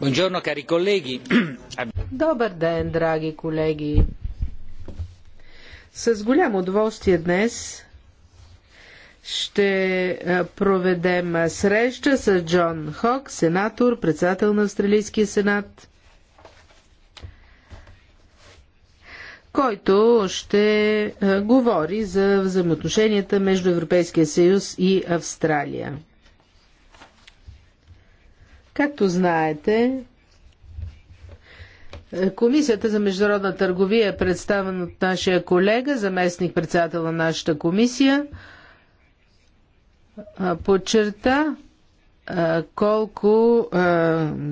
Buongiorno, cari colleghi. Добър ден, драги колеги. С голямо удоволствие днес ще е, проведем среща с Джон Хок, сенатор, председател на Австралийския сенат, който ще е, говори за взаимоотношенията между Европейския съюз и Австралия. Както знаете, Комисията за международна търговия е представена от нашия колега, заместник председател на нашата комисия. Подчерта колко,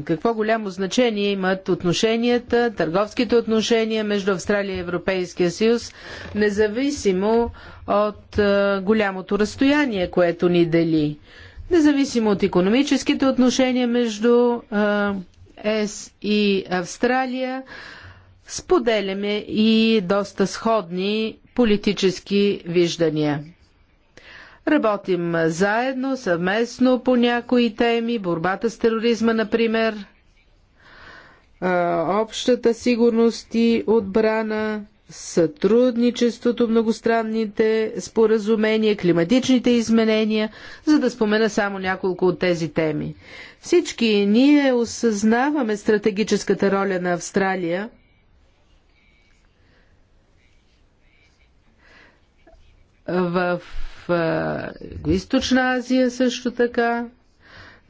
какво голямо значение имат отношенията, търговските отношения между Австралия и Европейския съюз, независимо от голямото разстояние, което ни дели. Независимо от економическите отношения между ЕС и Австралия, споделяме и доста сходни политически виждания. Работим заедно, съвместно по някои теми, борбата с тероризма, например, общата сигурност и отбрана, сътрудничеството, многостранните споразумения, климатичните изменения, за да спомена само няколко от тези теми. Всички ние осъзнаваме стратегическата роля на Австралия в Източна Азия също така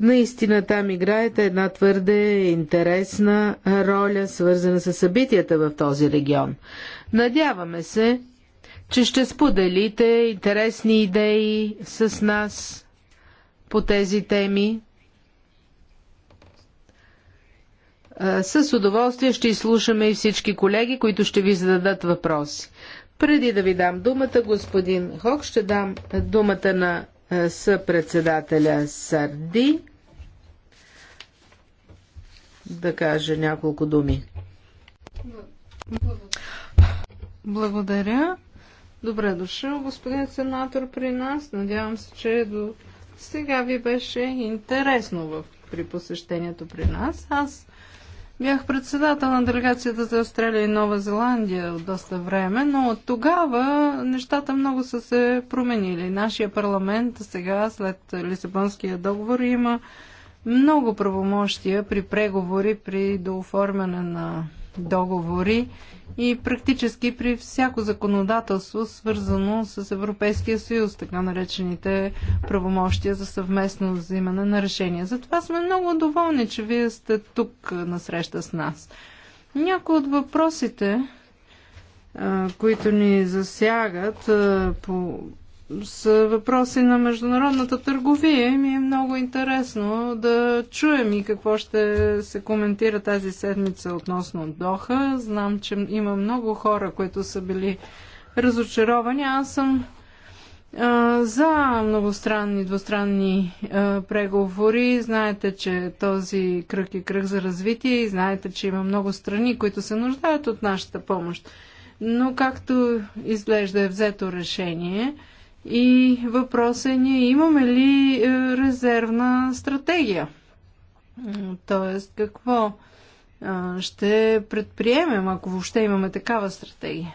Наистина там играете една твърде интересна роля, свързана с събитията в този регион. Надяваме се, че ще споделите интересни идеи с нас по тези теми. С удоволствие ще изслушаме и всички колеги, които ще ви зададат въпроси. Преди да ви дам думата, господин Хок, ще дам думата на Съпредседателя сърди. Сарди да каже няколко думи. Благодаря. Добре дошъл, господин сенатор, при нас. Надявам се, че до сега ви беше интересно в, при посещението при нас. Аз Бях председател на делегацията за Австралия и Нова Зеландия от доста време, но от тогава нещата много са се променили. Нашия парламент сега, след Лисабонския договор, има много правомощия при преговори, при дооформяне на договори и практически при всяко законодателство, свързано с Европейския съюз, така наречените правомощия за съвместно взимане на решения. Затова сме много доволни, че вие сте тук на среща с нас. Някои от въпросите, които ни засягат по с въпроси на международната търговия и ми е много интересно да чуем и какво ще се коментира тази седмица относно Доха. Знам, че има много хора, които са били разочаровани. Аз съм а, за многостранни, двустранни а, преговори. Знаете, че този кръг е кръг за развитие и знаете, че има много страни, които се нуждаят от нашата помощ. Но както изглежда е взето решение, и въпросът е ние имаме ли е, резервна стратегия? Тоест какво ще предприемем, ако въобще имаме такава стратегия?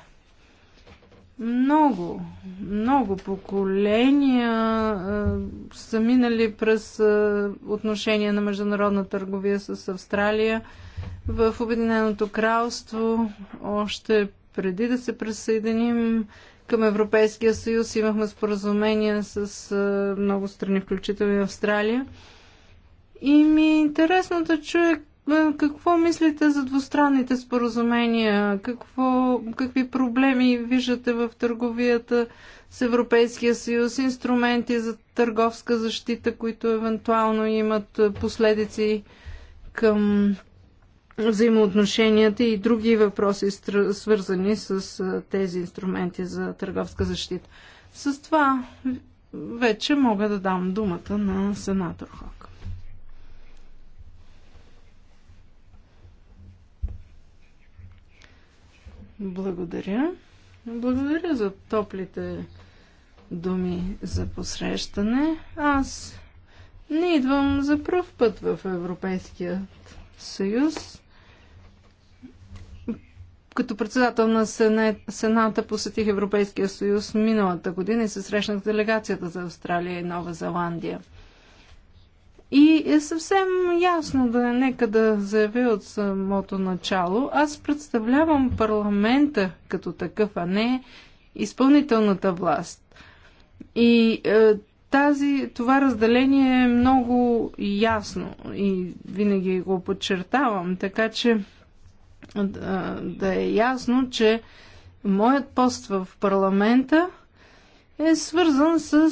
Много, много поколения а, са минали през а, отношения на международна търговия с Австралия в Обединеното кралство. Още преди да се присъединим към Европейския съюз. Имахме споразумения с много страни, включително и Австралия. И ми е интересно да чуя какво мислите за двустранните споразумения? Какво, какви проблеми виждате в търговията с Европейския съюз? Инструменти за търговска защита, които евентуално имат последици към взаимоотношенията и други въпроси, свързани с тези инструменти за търговска защита. С това вече мога да дам думата на сенатор Хок. Благодаря. Благодаря за топлите думи за посрещане. Аз не идвам за пръв път в Европейския съюз като председател на Сената посетих Европейския съюз миналата година и се срещнах с делегацията за Австралия и Нова Зеландия. И е съвсем ясно да е, нека да заявя от самото начало. Аз представлявам парламента като такъв, а не изпълнителната власт. И е, тази, това разделение е много ясно и винаги го подчертавам, така че да, е ясно, че моят пост в парламента е свързан с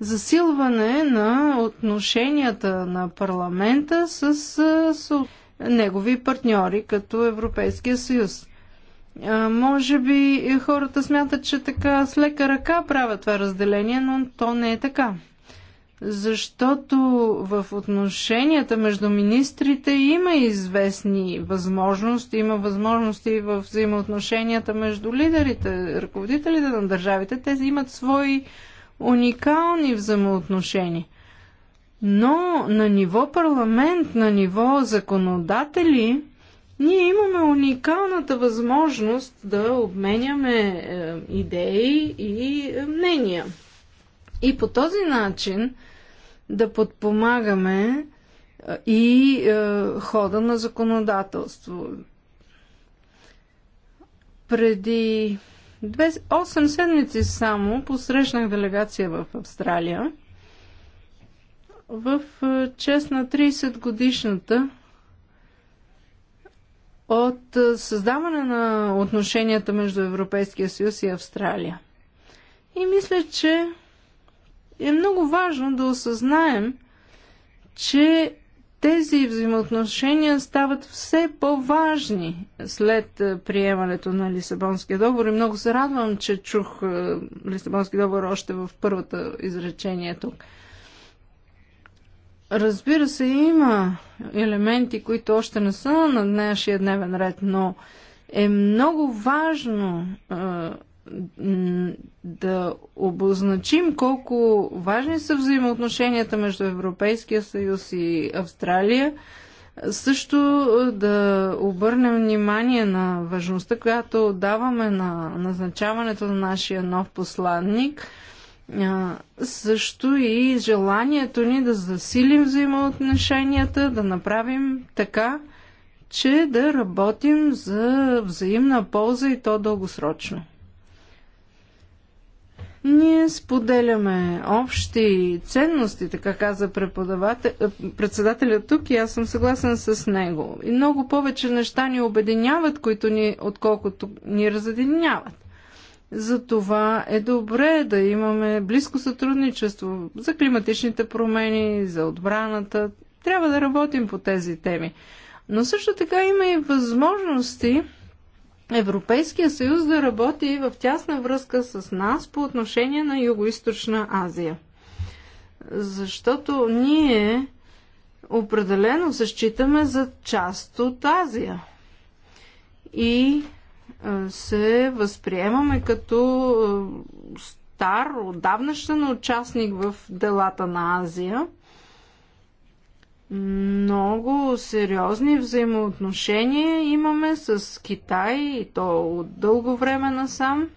засилване на отношенията на парламента с, с негови партньори, като Европейския съюз. А, може би хората смятат, че така с лека ръка правят това разделение, но то не е така защото в отношенията между министрите има известни възможности, има възможности в взаимоотношенията между лидерите, ръководителите на държавите. Те имат свои уникални взаимоотношения. Но на ниво парламент, на ниво законодатели, ние имаме уникалната възможност да обменяме е, идеи и е, мнения. И по този начин да подпомагаме и е, хода на законодателство. Преди 8 седмици само посрещнах делегация в Австралия в чест на 30 годишната от създаване на отношенията между Европейския съюз и Австралия. И мисля, че е много важно да осъзнаем, че тези взаимоотношения стават все по-важни след е, приемането на Лисабонския договор и много се радвам, че чух е, Лисабонския договор още в първата изречение тук. Разбира се, има елементи, които още не са на нашия дневен ред, но е много важно е, да обозначим колко важни са взаимоотношенията между Европейския съюз и Австралия, също да обърнем внимание на важността, която даваме на назначаването на нашия нов посланник, също и желанието ни да засилим взаимоотношенията, да направим така, че да работим за взаимна полза и то дългосрочно. Ние споделяме общи ценности, така каза е, председателя тук и аз съм съгласен с него. И много повече неща ни обединяват, които ни, отколкото ни разединяват. Затова е добре да имаме близко сътрудничество за климатичните промени, за отбраната. Трябва да работим по тези теми. Но също така има и възможности Европейския съюз да работи в тясна връзка с нас по отношение на Юго-Источна Азия. Защото ние определено се считаме за част от Азия. И се възприемаме като стар, отдавнашен участник в делата на Азия – много сериозни взаимоотношения имаме с Китай и то от дълго време насам.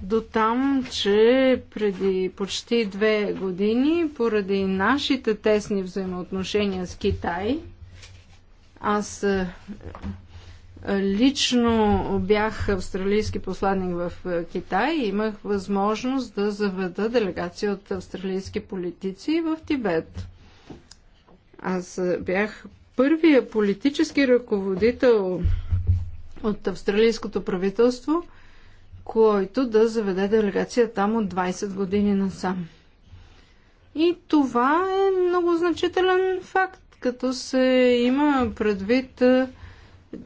До там, че преди почти две години, поради нашите тесни взаимоотношения с Китай, аз Лично бях австралийски посланник в е, Китай и имах възможност да заведа делегация от австралийски политици в Тибет. Аз е, бях първия политически ръководител от австралийското правителство, който да заведе делегация там от 20 години насам. И това е много значителен факт, като се има предвид е,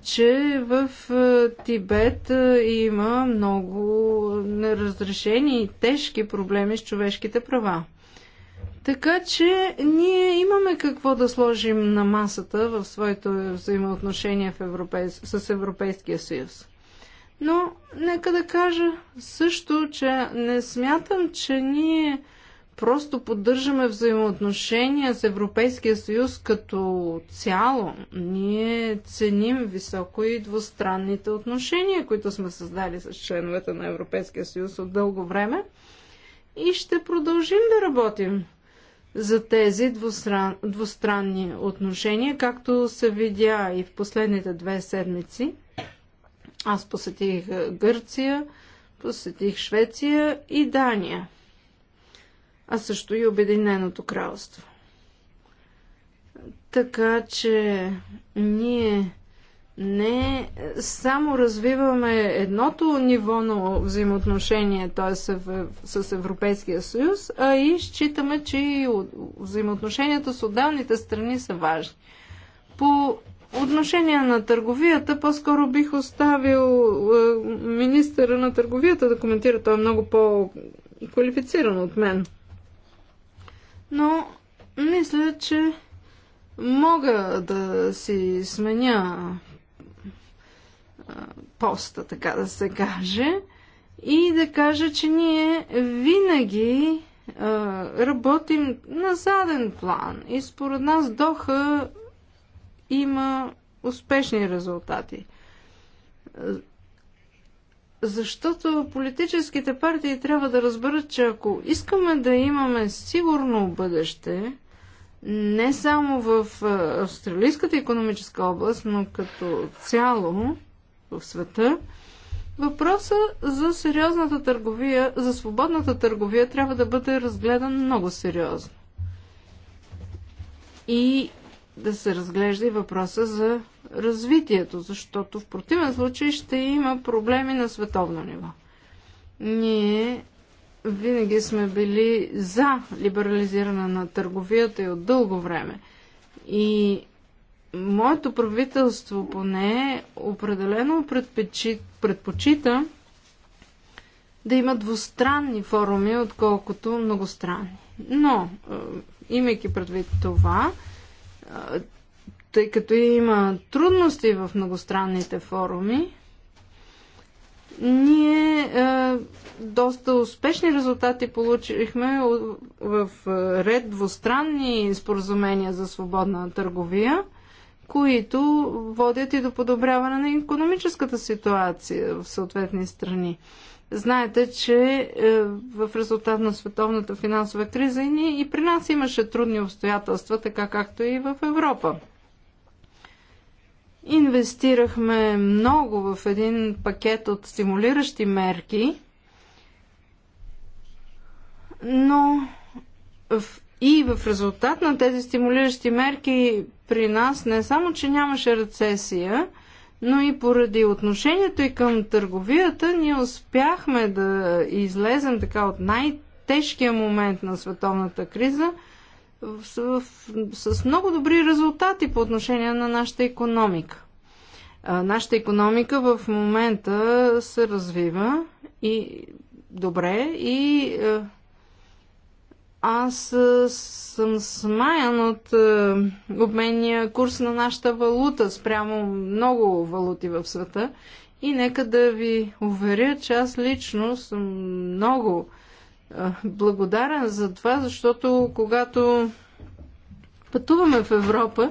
че в е, Тибет е, има много неразрешени и тежки проблеми с човешките права. Така че ние имаме какво да сложим на масата в своето взаимоотношение в Европей... с Европейския съюз. Но нека да кажа също, че не смятам, че ние Просто поддържаме взаимоотношения с Европейския съюз като цяло. Ние ценим високо и двустранните отношения, които сме създали с членовете на Европейския съюз от дълго време. И ще продължим да работим за тези двустран... двустранни отношения, както се видя и в последните две седмици. Аз посетих Гърция, посетих Швеция и Дания – а също и Обединеното кралство. Така че ние не само развиваме едното ниво на взаимоотношение, т.е. с Европейския съюз, а и считаме, че и взаимоотношенията с отделните страни са важни. По отношение на търговията, по-скоро бих оставил е, министъра на търговията да коментира. Той е много по-квалифициран от мен но мисля, че мога да си сменя поста, така да се каже, и да кажа, че ние винаги работим на заден план и според нас Доха има успешни резултати. Защото политическите партии трябва да разберат, че ако искаме да имаме сигурно бъдеще, не само в австралийската економическа област, но като цяло в света, въпроса за сериозната търговия, за свободната търговия трябва да бъде разгледан много сериозно. И да се разглежда и въпроса за развитието, защото в противен случай ще има проблеми на световно ниво. Ние винаги сме били за либерализиране на търговията и от дълго време. И моето правителство поне определено предпочита да има двустранни форуми, отколкото многостранни. Но, е, имайки предвид това, тъй като има трудности в многостранните форуми, ние е, доста успешни резултати получихме в е, ред двустранни споразумения за свободна търговия, които водят и до подобряване на економическата ситуация в съответни страни. Знаете, че е, в резултат на световната финансова криза и и при нас имаше трудни обстоятелства, така както и в Европа. Инвестирахме много в един пакет от стимулиращи мерки, но и в резултат на тези стимулиращи мерки при нас не само, че нямаше рецесия, но и поради отношението и към търговията ние успяхме да излезем така от най-тежкия момент на световната криза с, с много добри резултати по отношение на нашата економика. А, нашата економика в момента се развива и добре и а, аз съм смаян от обменния курс на нашата валута спрямо много валути в света. И нека да ви уверя, че аз лично съм много благодарен за това, защото когато пътуваме в Европа,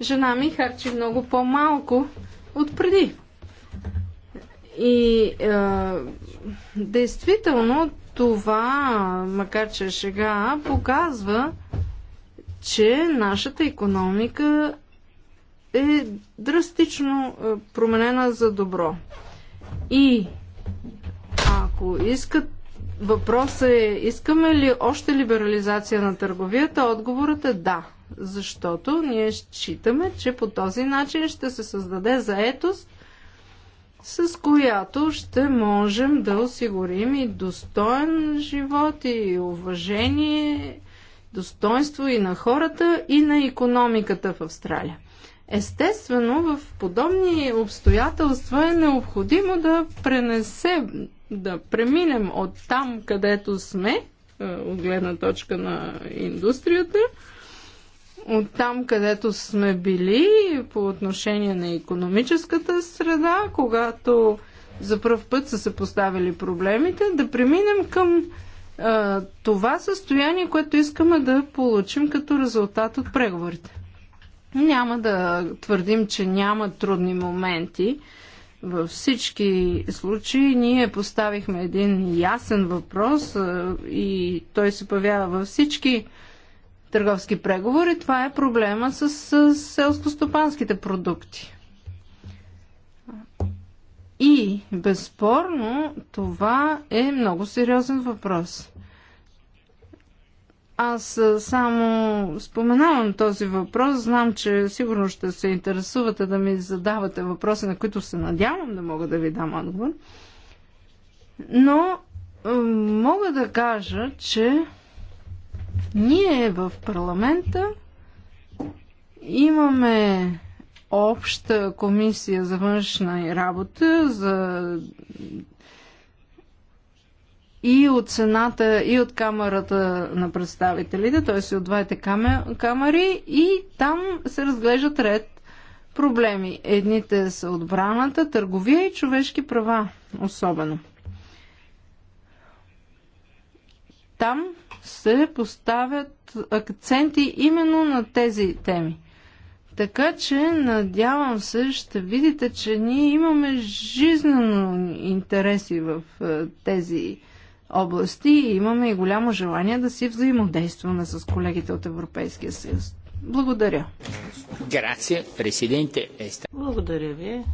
жена ми харчи много по-малко от преди. И а, действително това, макар че е шега, показва, че нашата економика е драстично е, променена за добро. И ако искат Въпросът е, искаме ли още либерализация на търговията? Отговорът е да. Защото ние считаме, че по този начин ще се създаде заетост с която ще можем да осигурим и достоен живот, и уважение, достоинство и на хората, и на економиката в Австралия. Естествено, в подобни обстоятелства е необходимо да пренесем, да преминем от там, където сме, е, от гледна точка на индустрията, от там, където сме били по отношение на економическата среда, когато за първ път са се поставили проблемите, да преминем към а, това състояние, което искаме да получим като резултат от преговорите. Няма да твърдим, че няма трудни моменти. Във всички случаи ние поставихме един ясен въпрос а, и той се появява във всички търговски преговори. Това е проблема с, с стопанските продукти. И безспорно това е много сериозен въпрос. Аз само споменавам този въпрос. Знам, че сигурно ще се интересувате да ми задавате въпроси, на които се надявам да мога да ви дам отговор. Но мога да кажа, че ние в парламента имаме обща комисия за външна работа за и от Сената, и от Камерата на представителите, т.е. от двете камери, и там се разглеждат ред проблеми. Едните са отбраната, търговия и човешки права, особено. Там се поставят акценти именно на тези теми. Така че, надявам се, ще видите, че ние имаме жизнено интереси в е, тези области и имаме и голямо желание да си взаимодействаме с колегите от Европейския съюз. Благодаря. Грация, президенте. Благодаря ви.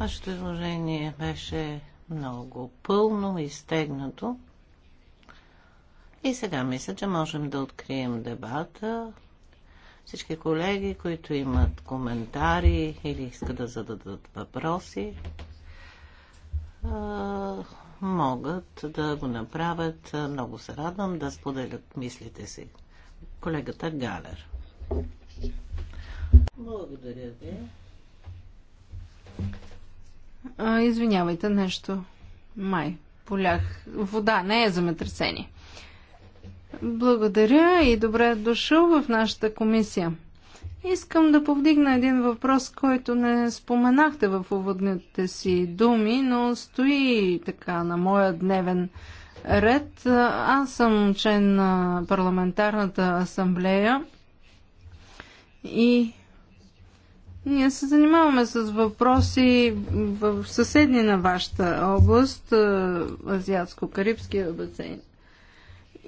Вашето изложение беше много пълно и стегнато. И сега мисля, че можем да открием дебата. Всички колеги, които имат коментари или искат да зададат въпроси, могат да го направят. Много се радвам да споделят мислите си. Колегата Галер. Благодаря ви. А, извинявайте, нещо. Май, полях. Вода, не е земетресение. Благодаря и добре дошъл в нашата комисия. Искам да повдигна един въпрос, който не споменахте в уводните си думи, но стои така на моя дневен ред. Аз съм член на парламентарната асамблея и ние се занимаваме с въпроси в съседни на вашата област, Азиатско-Карибския басейн.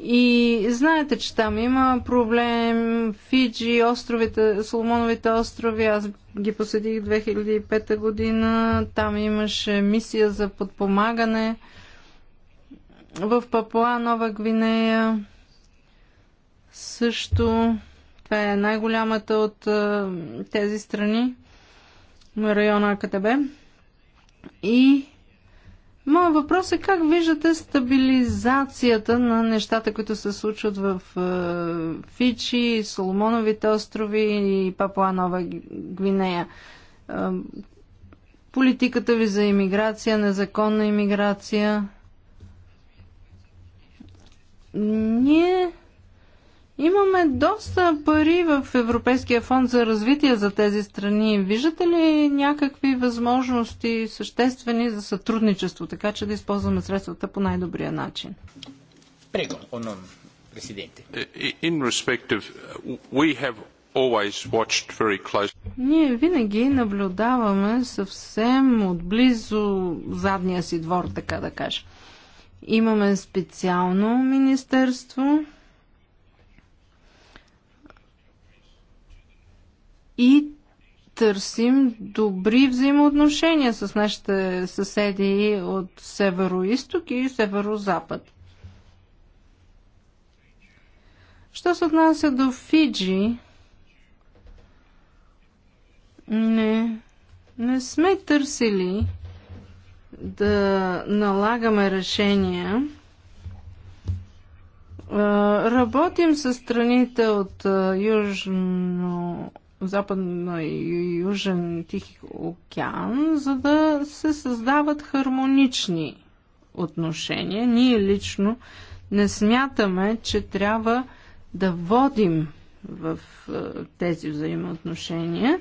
И знаете, че там има проблем. Фиджи, островите, Соломоновите острови, аз ги посетих 2005 година. Там имаше мисия за подпомагане в Папуа, Нова Гвинея. Също това е най-голямата от тези страни на района АКТБ. И Моя въпрос е как виждате стабилизацията на нещата, които се случват в е, Фичи, Соломоновите острови и Папуа Нова Гвинея. Е, политиката ви за иммиграция, незаконна иммиграция. Ние Имаме доста пари в Европейския фонд за развитие за тези страни. Виждате ли някакви възможности съществени за сътрудничество, така че да използваме средствата по най-добрия начин? Е, in respect of, uh, we have always watched very close. Ние винаги наблюдаваме съвсем отблизо задния си двор, така да кажа. Имаме специално министерство, и търсим добри взаимоотношения с нашите съседи от северо-исток и северо-запад. Що се отнася до Фиджи, не, не сме търсили да налагаме решения. Работим с страните от Южно Западно и Южен Тихи океан, за да се създават хармонични отношения. Ние лично не смятаме, че трябва да водим в е, тези взаимоотношения.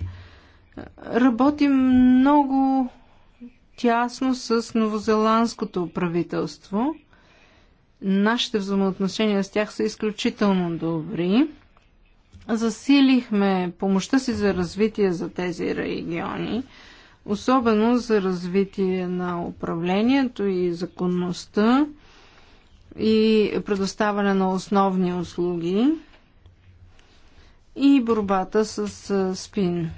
Работим много тясно с новозеландското правителство. Нашите взаимоотношения с тях са изключително добри. Засилихме помощта си за развитие за тези региони, особено за развитие на управлението и законността и предоставяне на основни услуги и борбата с спин.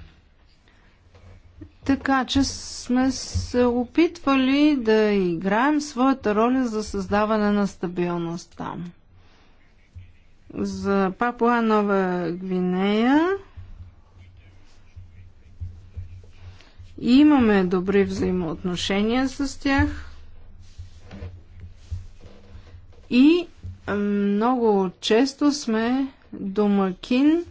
Така че сме се опитвали да играем своята роля за създаване на стабилност там за Папуа Нова Гвинея и имаме добри взаимоотношения с тях и много често сме домакин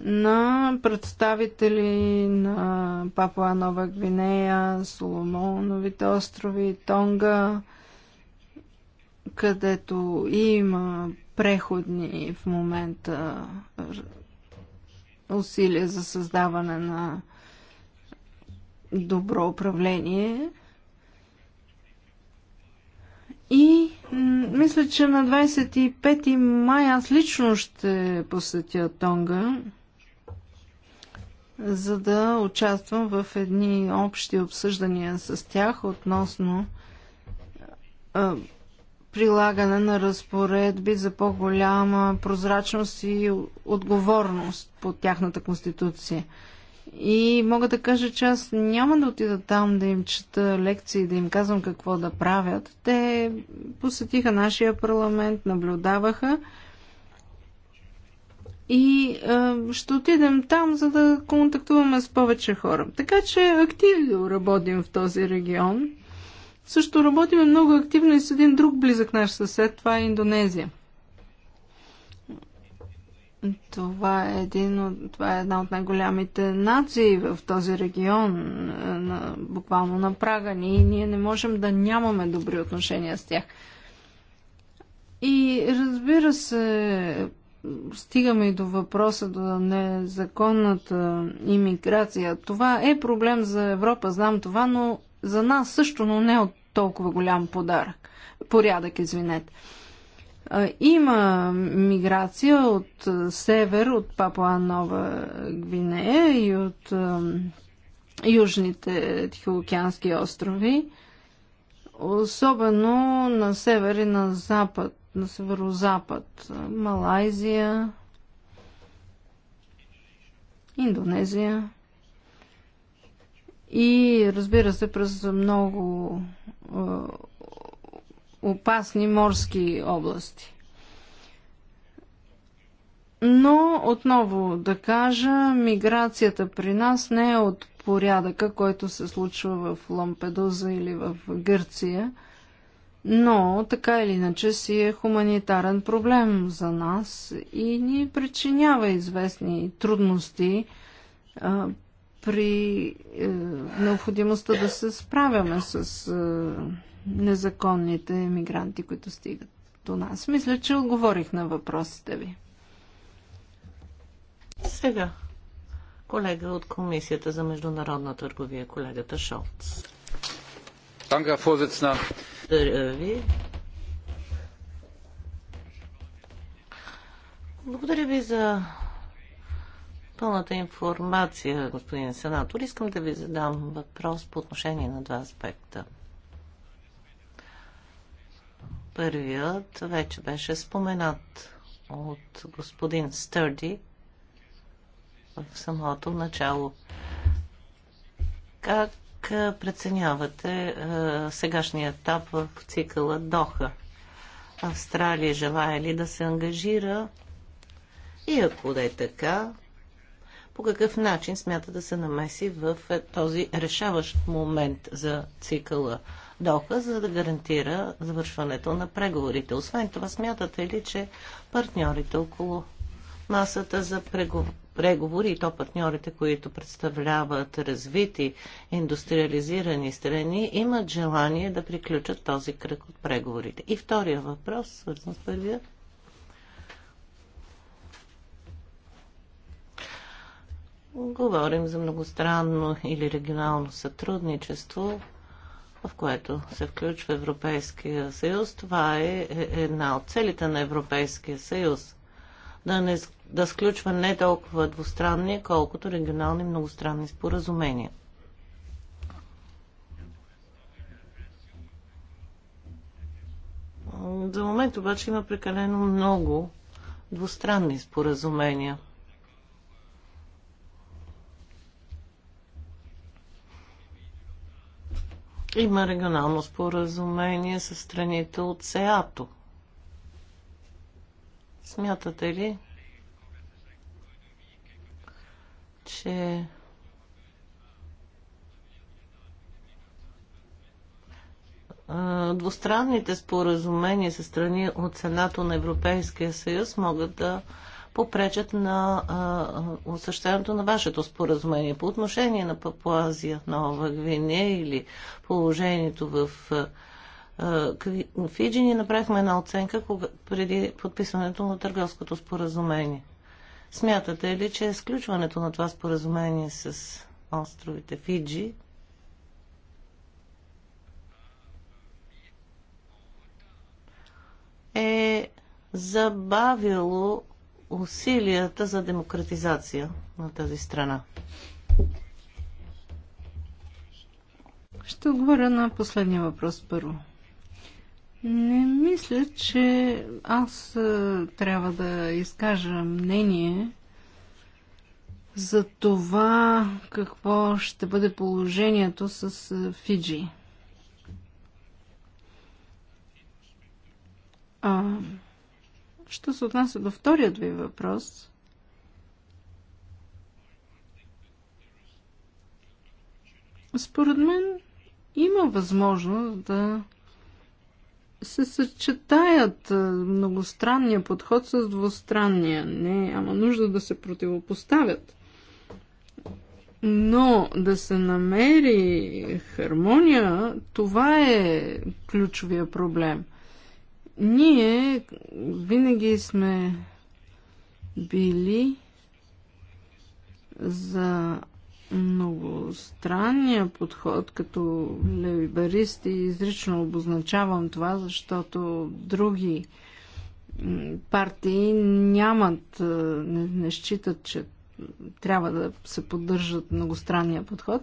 на представители на Папуа Нова Гвинея, Соломоновите острови, Тонга, където има преходни в момента усилия за създаване на добро управление. И мисля, че на 25 май аз лично ще посетя Тонга, за да участвам в едни общи обсъждания с тях относно прилагане на разпоредби за по-голяма прозрачност и отговорност по тяхната конституция. И мога да кажа, че аз няма да отида там да им чета лекции, да им казвам какво да правят. Те посетиха нашия парламент, наблюдаваха и е, ще отидем там, за да контактуваме с повече хора. Така че активно работим в този регион. Също работим много активно и с един друг близък наш съсед, това е Индонезия. Това е, един, това е една от най-голямите нации в този регион, е, на, буквално на прага ни. И ние не можем да нямаме добри отношения с тях. И разбира се, стигаме и до въпроса до незаконната иммиграция. Това е проблем за Европа, знам това, но за нас също, но не от толкова голям подарък, порядък, извинете. Има миграция от север, от Папуа Нова Гвинея и от южните Тихоокеански острови, особено на север и на запад, на северо-запад, Малайзия, Индонезия и разбира се през много е, опасни морски области. Но, отново да кажа, миграцията при нас не е от порядъка, който се случва в Лампедуза или в Гърция, но така или иначе си е хуманитарен проблем за нас и ни причинява известни трудности при е, необходимостта да се справяме с е, незаконните мигранти, които стигат до нас. Мисля, че отговорих на въпросите ви. Сега, колега от Комисията за международна търговия, колегата Шолц. Танга Фозецна. Благодаря ви. Благодаря ви за пълната информация, господин сенатор. Искам да ви задам въпрос по отношение на два аспекта. Първият вече беше споменат от господин Стърди в самото начало. Как преценявате е, сегашния етап в цикъла Доха? Австралия желая ли да се ангажира? И ако да е така, по какъв начин смята да се намеси в е, този решаващ момент за цикъла Доха, за да гарантира завършването на преговорите. Освен това, смятате ли, че партньорите около масата за преговори и то партньорите, които представляват развити, индустриализирани страни, имат желание да приключат този кръг от преговорите. И втория въпрос, свързан с първия, Говорим за многостранно или регионално сътрудничество, в което се включва Европейския съюз. Това е, е една от целите на Европейския съюз. Да, не, да сключва не толкова двустранни, колкото регионални многостранни споразумения. За момент обаче има прекалено много двустранни споразумения – Има регионално споразумение с страните от СЕАТО. Смятате ли, че двустранните споразумения с страни от Сената на Европейския съюз могат да попречат на осъществяването на вашето споразумение. По отношение на Папуазия, Нова Гвинея или положението в Фиджи, ние направихме една оценка кога, преди подписването на търговското споразумение. Смятате ли, че изключването на това споразумение с островите Фиджи е забавило усилията за демократизация на тази страна. Ще отговоря на последния въпрос първо. Не мисля, че аз е, трябва да изкажа мнение за това какво ще бъде положението с е, Фиджи. А, Що се отнася до вторият ви въпрос, според мен има възможност да се съчетаят многостранния подход с двустранния. Не, ама нужда да се противопоставят. Но да се намери хармония, това е ключовия проблем. Ние винаги сме били за многостранния подход като левибаристи изрично обозначавам това, защото други партии нямат, е, не, не считат, че трябва да се поддържат многостранния подход.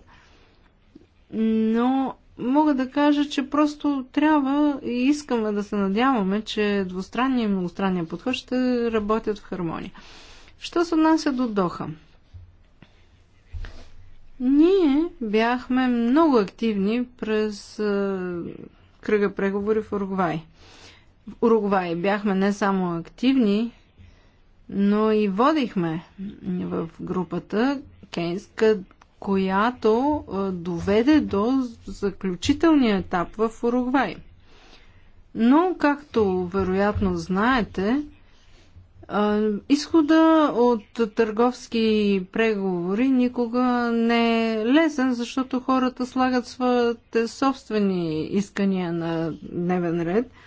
Но мога да кажа, че просто трябва и искаме да се надяваме, че двустранния и многостранния подход ще работят в хармония. Що се отнася до Доха? Ние бяхме много активни през е, кръга преговори в Уругвай. В Уругвай бяхме не само активни, но и водихме в групата, Кейнс, която доведе до заключителния етап в Уругвай. Но, както вероятно знаете, изхода от търговски преговори никога не е лесен, защото хората слагат своите собствени искания на дневен ред –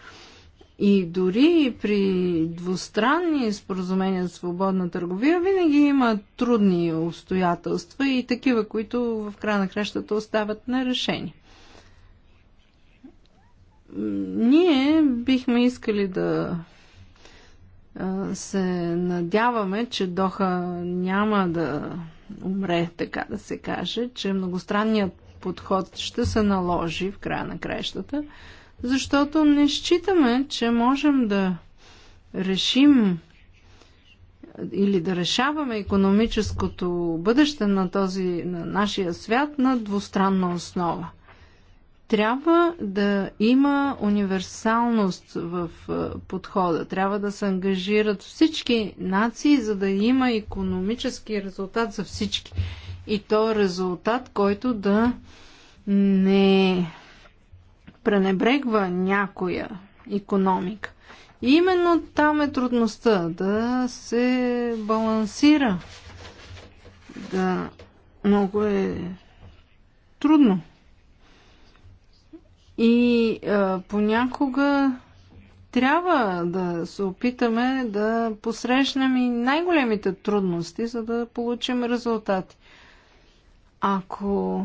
и дори при двустранни споразумения за свободна търговия винаги има трудни обстоятелства и такива, които в края на кращата остават нерешени. Ние бихме искали да се надяваме, че Доха няма да умре, така да се каже, че многостранният подход ще се наложи в края на кращата защото не считаме, че можем да решим или да решаваме економическото бъдеще на този, на нашия свят на двустранна основа. Трябва да има универсалност в е, подхода. Трябва да се ангажират всички нации, за да има економически резултат за всички. И то резултат, който да не пренебрегва някоя економика. И именно там е трудността да се балансира. Да, много е трудно. И а, понякога трябва да се опитаме да посрещнем и най-големите трудности, за да получим резултати. Ако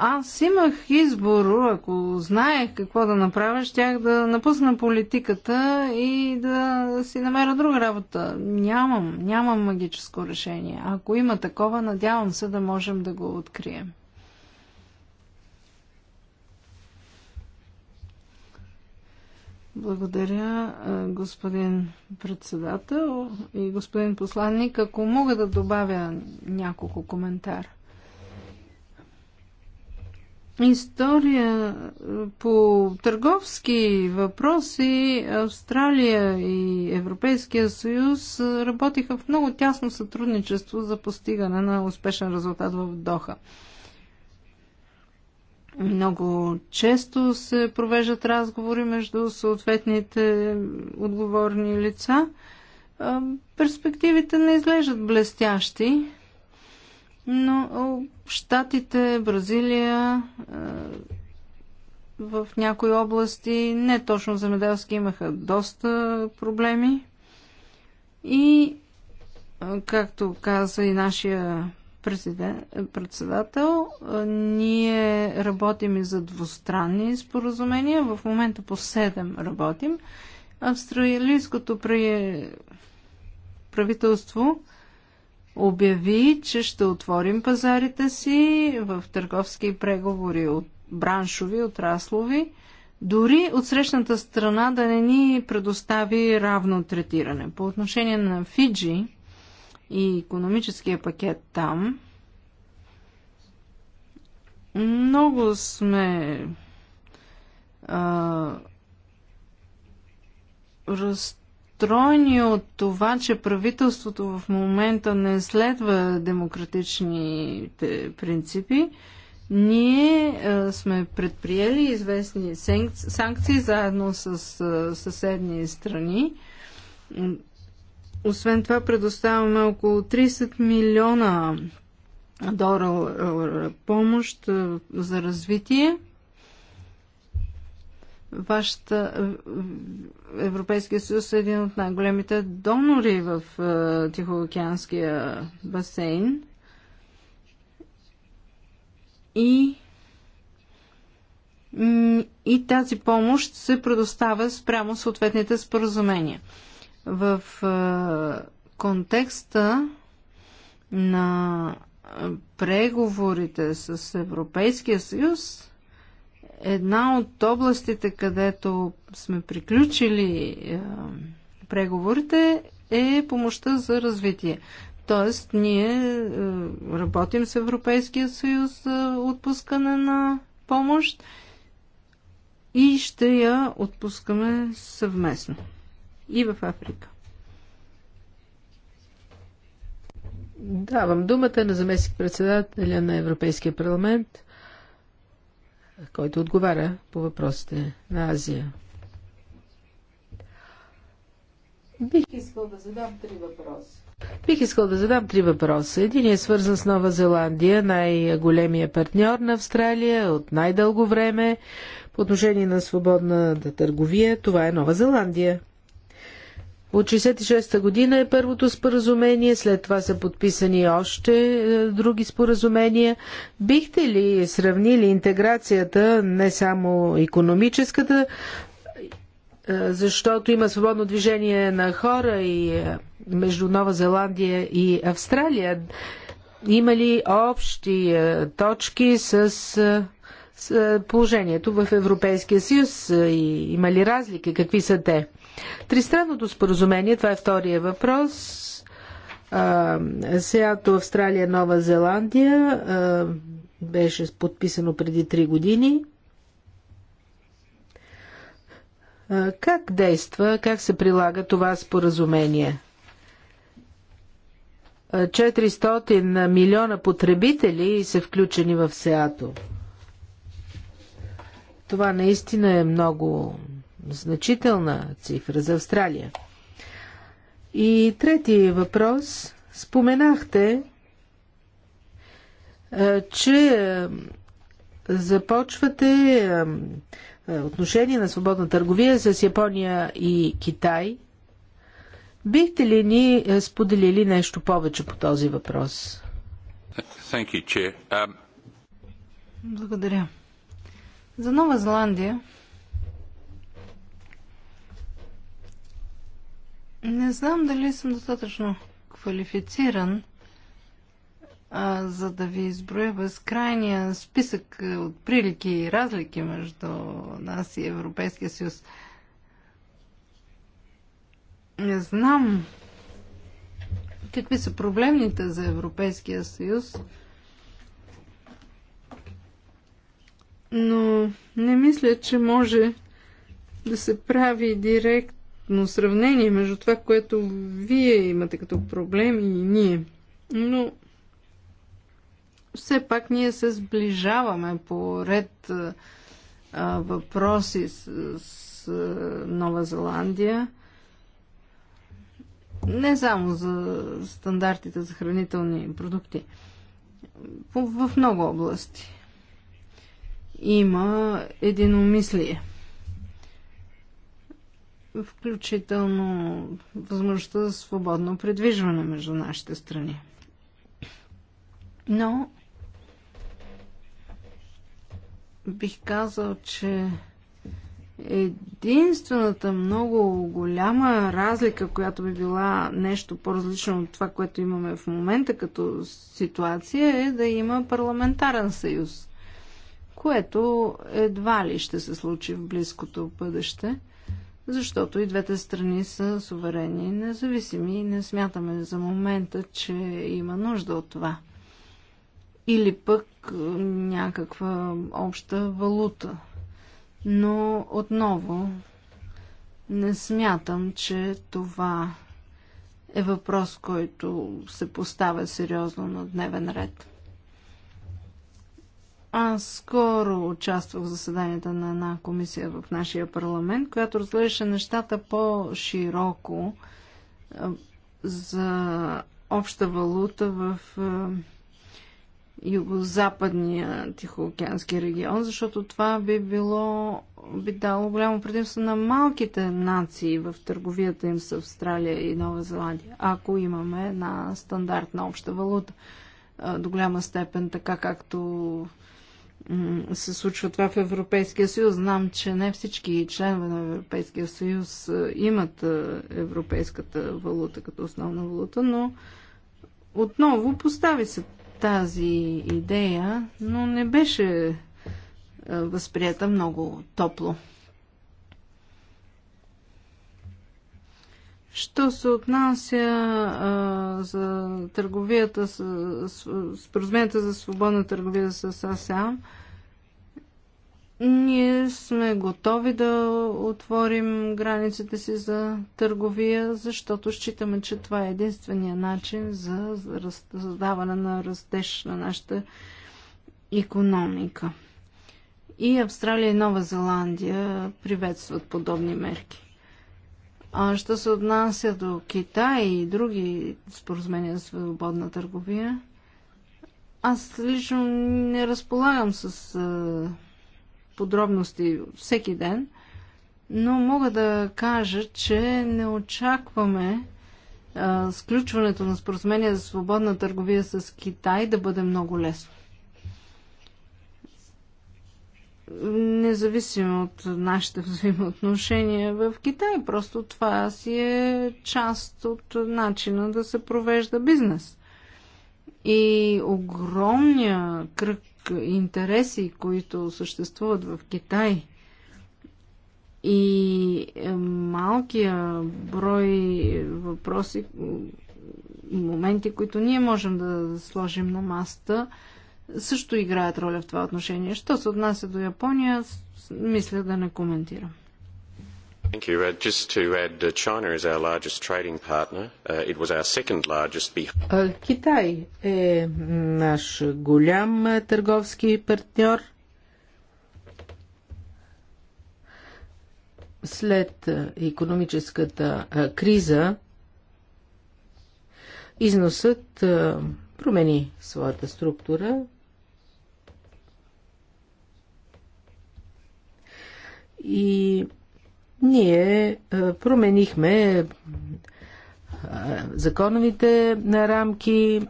аз имах избор, ако знаех какво да направя, щях да напусна политиката и да си намеря друга работа. Нямам, нямам магическо решение. Ако има такова, надявам се да можем да го открием. Благодаря, господин председател и господин посланник. Ако мога да добавя няколко коментара история е, по търговски въпроси Австралия и Европейския съюз е, работиха в много тясно сътрудничество за постигане на успешен резултат в Доха. Много често се провеждат разговори между съответните отговорни лица. Е, перспективите не изглеждат блестящи, но Штатите, Бразилия е, в някои области, не точно земеделски, имаха доста проблеми. И, е, както каза и нашия председател, е, ние работим и за двустранни споразумения. В момента по 7 работим. Австралийското правителство обяви, че ще отворим пазарите си в търговски преговори от браншови, отраслови, дори от срещната страна да не ни предостави равно третиране. По отношение на Фиджи и економическия пакет там, много сме а, раз, разстроени от това, че правителството в момента не следва демократичните принципи, ние а, сме предприели известни санкции заедно с а, съседни страни. Освен това, предоставяме около 30 милиона долара е, е, помощ е, за развитие Вашата е, Европейския съюз е един от най-големите донори в е, Тихоокеанския басейн. И, и тази помощ се предоставя спрямо съответните споразумения. В е, контекста на преговорите с Европейския съюз, Една от областите, където сме приключили е, преговорите е помощта за развитие. Тоест, ние е, работим с Европейския съюз за отпускане на помощ и ще я отпускаме съвместно. И в Африка. Давам думата на заместник председателя на Европейския парламент който отговаря по въпросите на Азия. Бих искал да задам три въпроса. Бих искал да задам три въпроса. Един е свързан с Нова Зеландия, най-големия партньор на Австралия от най-дълго време по отношение на свободната търговия. Това е Нова Зеландия. От 1966 година е първото споразумение, след това са подписани още е, други споразумения. Бихте ли сравнили интеграцията, не само економическата, е, защото има свободно движение на хора и е, между Нова Зеландия и Австралия. Има ли общи точки с, положението в Европейския съюз и има ли разлики? Какви са те? Тристранното споразумение, това е втория въпрос. Сеато Австралия, Нова Зеландия беше подписано преди 3 години. Как действа, как се прилага това споразумение? 400 милиона потребители са включени в СЕАТО. Това наистина е много значителна цифра за Австралия. И трети въпрос. Споменахте, е, че е, започвате е, отношение на свободна търговия с Япония и Китай. Бихте ли ни споделили нещо повече по този въпрос? Um, Благодаря. За Нова Зеландия Не знам дали съм достатъчно квалифициран, а, за да ви изброя безкрайния списък е, от прилики и разлики между нас и Европейския съюз. Не знам какви са проблемните за Европейския съюз, но не мисля, че може да се прави директ но сравнение между това, което вие имате като проблем и ние. Но все пак ние се сближаваме по ред а, въпроси с, с Нова Зеландия. Не само за стандартите за хранителни продукти. В много области има единомислие включително възможността за свободно предвижване между нашите страни. Но бих казал, че единствената много голяма разлика, която би била нещо по-различно от това, което имаме в момента като ситуация, е да има парламентарен съюз, което едва ли ще се случи в близкото бъдеще – защото и двете страни са суверени и независими и не смятаме за момента, че има нужда от това. Или пък е, някаква обща валута. Но отново не смятам, че това е въпрос, който се поставя сериозно на дневен ред. Аз скоро участвах в заседанията на една комисия в нашия парламент, която разглеждаше нещата по-широко е, за обща валута в е, юго-западния Тихоокеански регион, защото това би било би дало голямо предимство на малките нации в търговията им с Австралия и Нова Зеландия, ако имаме една стандартна обща валута. Е, до голяма степен, така както се случва това в Европейския съюз. Знам, че не всички членове на Европейския съюз е, имат е, европейската валута като основна валута, но отново постави се тази идея, но не беше е, възприята много топло. Що се отнася а, за търговията, с, с, споразумението за свободна търговия с АСЕАН, ние сме готови да отворим границите си за търговия, защото считаме, че това е единствения начин за създаване на растеж на нашата економика. И Австралия и Нова Зеландия приветстват подобни мерки. А що се отнася до Китай и други споразумения за свободна търговия, аз лично не разполагам с а, подробности всеки ден, но мога да кажа, че не очакваме а, сключването на споразумения за свободна търговия с Китай да бъде много лесно. независимо от нашите взаимоотношения в Китай. Просто това си е част от начина да се провежда бизнес. И огромния кръг интереси, които съществуват в Китай и малкия брой въпроси, моменти, които ние можем да сложим на масата, също играят роля в това отношение. Що се отнася до Япония, мисля да не коментирам. Thank you. Uh, Just to add, uh, China is our largest trading partner. Uh, It was our second largest behind. Е, Китай е наш голям е, търговски партньор. След економическата uh, е, криза износът uh, промени своята структура И ние променихме законовите рамки.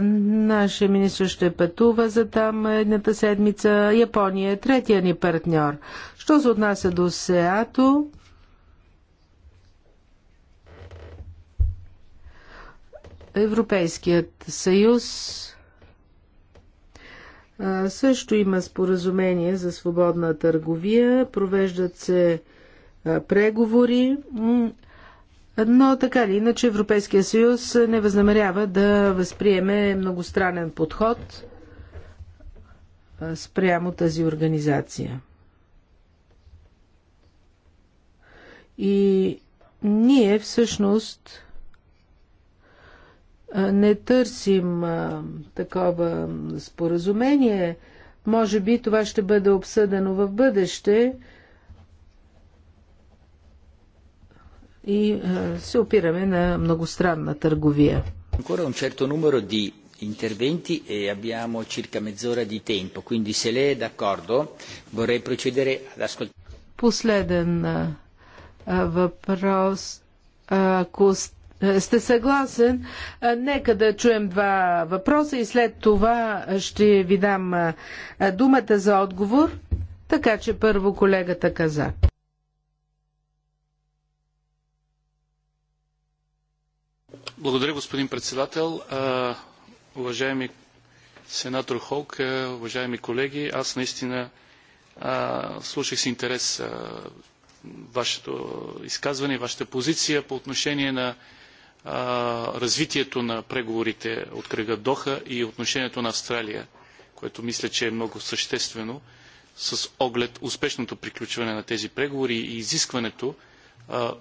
Нашия министр ще пътува за там едната седмица. Япония е третия ни партньор. Що се отнася до СЕАТО, Европейският съюз също има споразумение за свободна търговия, провеждат се преговори, но така или иначе Европейския съюз не възнамерява да възприеме многостранен подход спрямо тази организация. И ние всъщност не търсим а, такова споразумение. Може би това ще бъде обсъдено в бъдеще. И а, се опираме на многостранна търговия. Ancora un certo numero di interventi e abbiamo circa mezz'ora di tempo, quindi se lei è d'accordo vorrei procedere ad ascoltare. Последен въпрос. Ако сте сте съгласен, нека да чуем два въпроса и след това ще ви дам думата за отговор. Така че първо колегата каза. Благодаря, господин председател. Уважаеми сенатор Холк, уважаеми колеги, аз наистина слушах с интерес вашето изказване вашата позиция по отношение на развитието на преговорите от кръга Доха и отношението на Австралия, което мисля, че е много съществено с оглед успешното приключване на тези преговори и изискването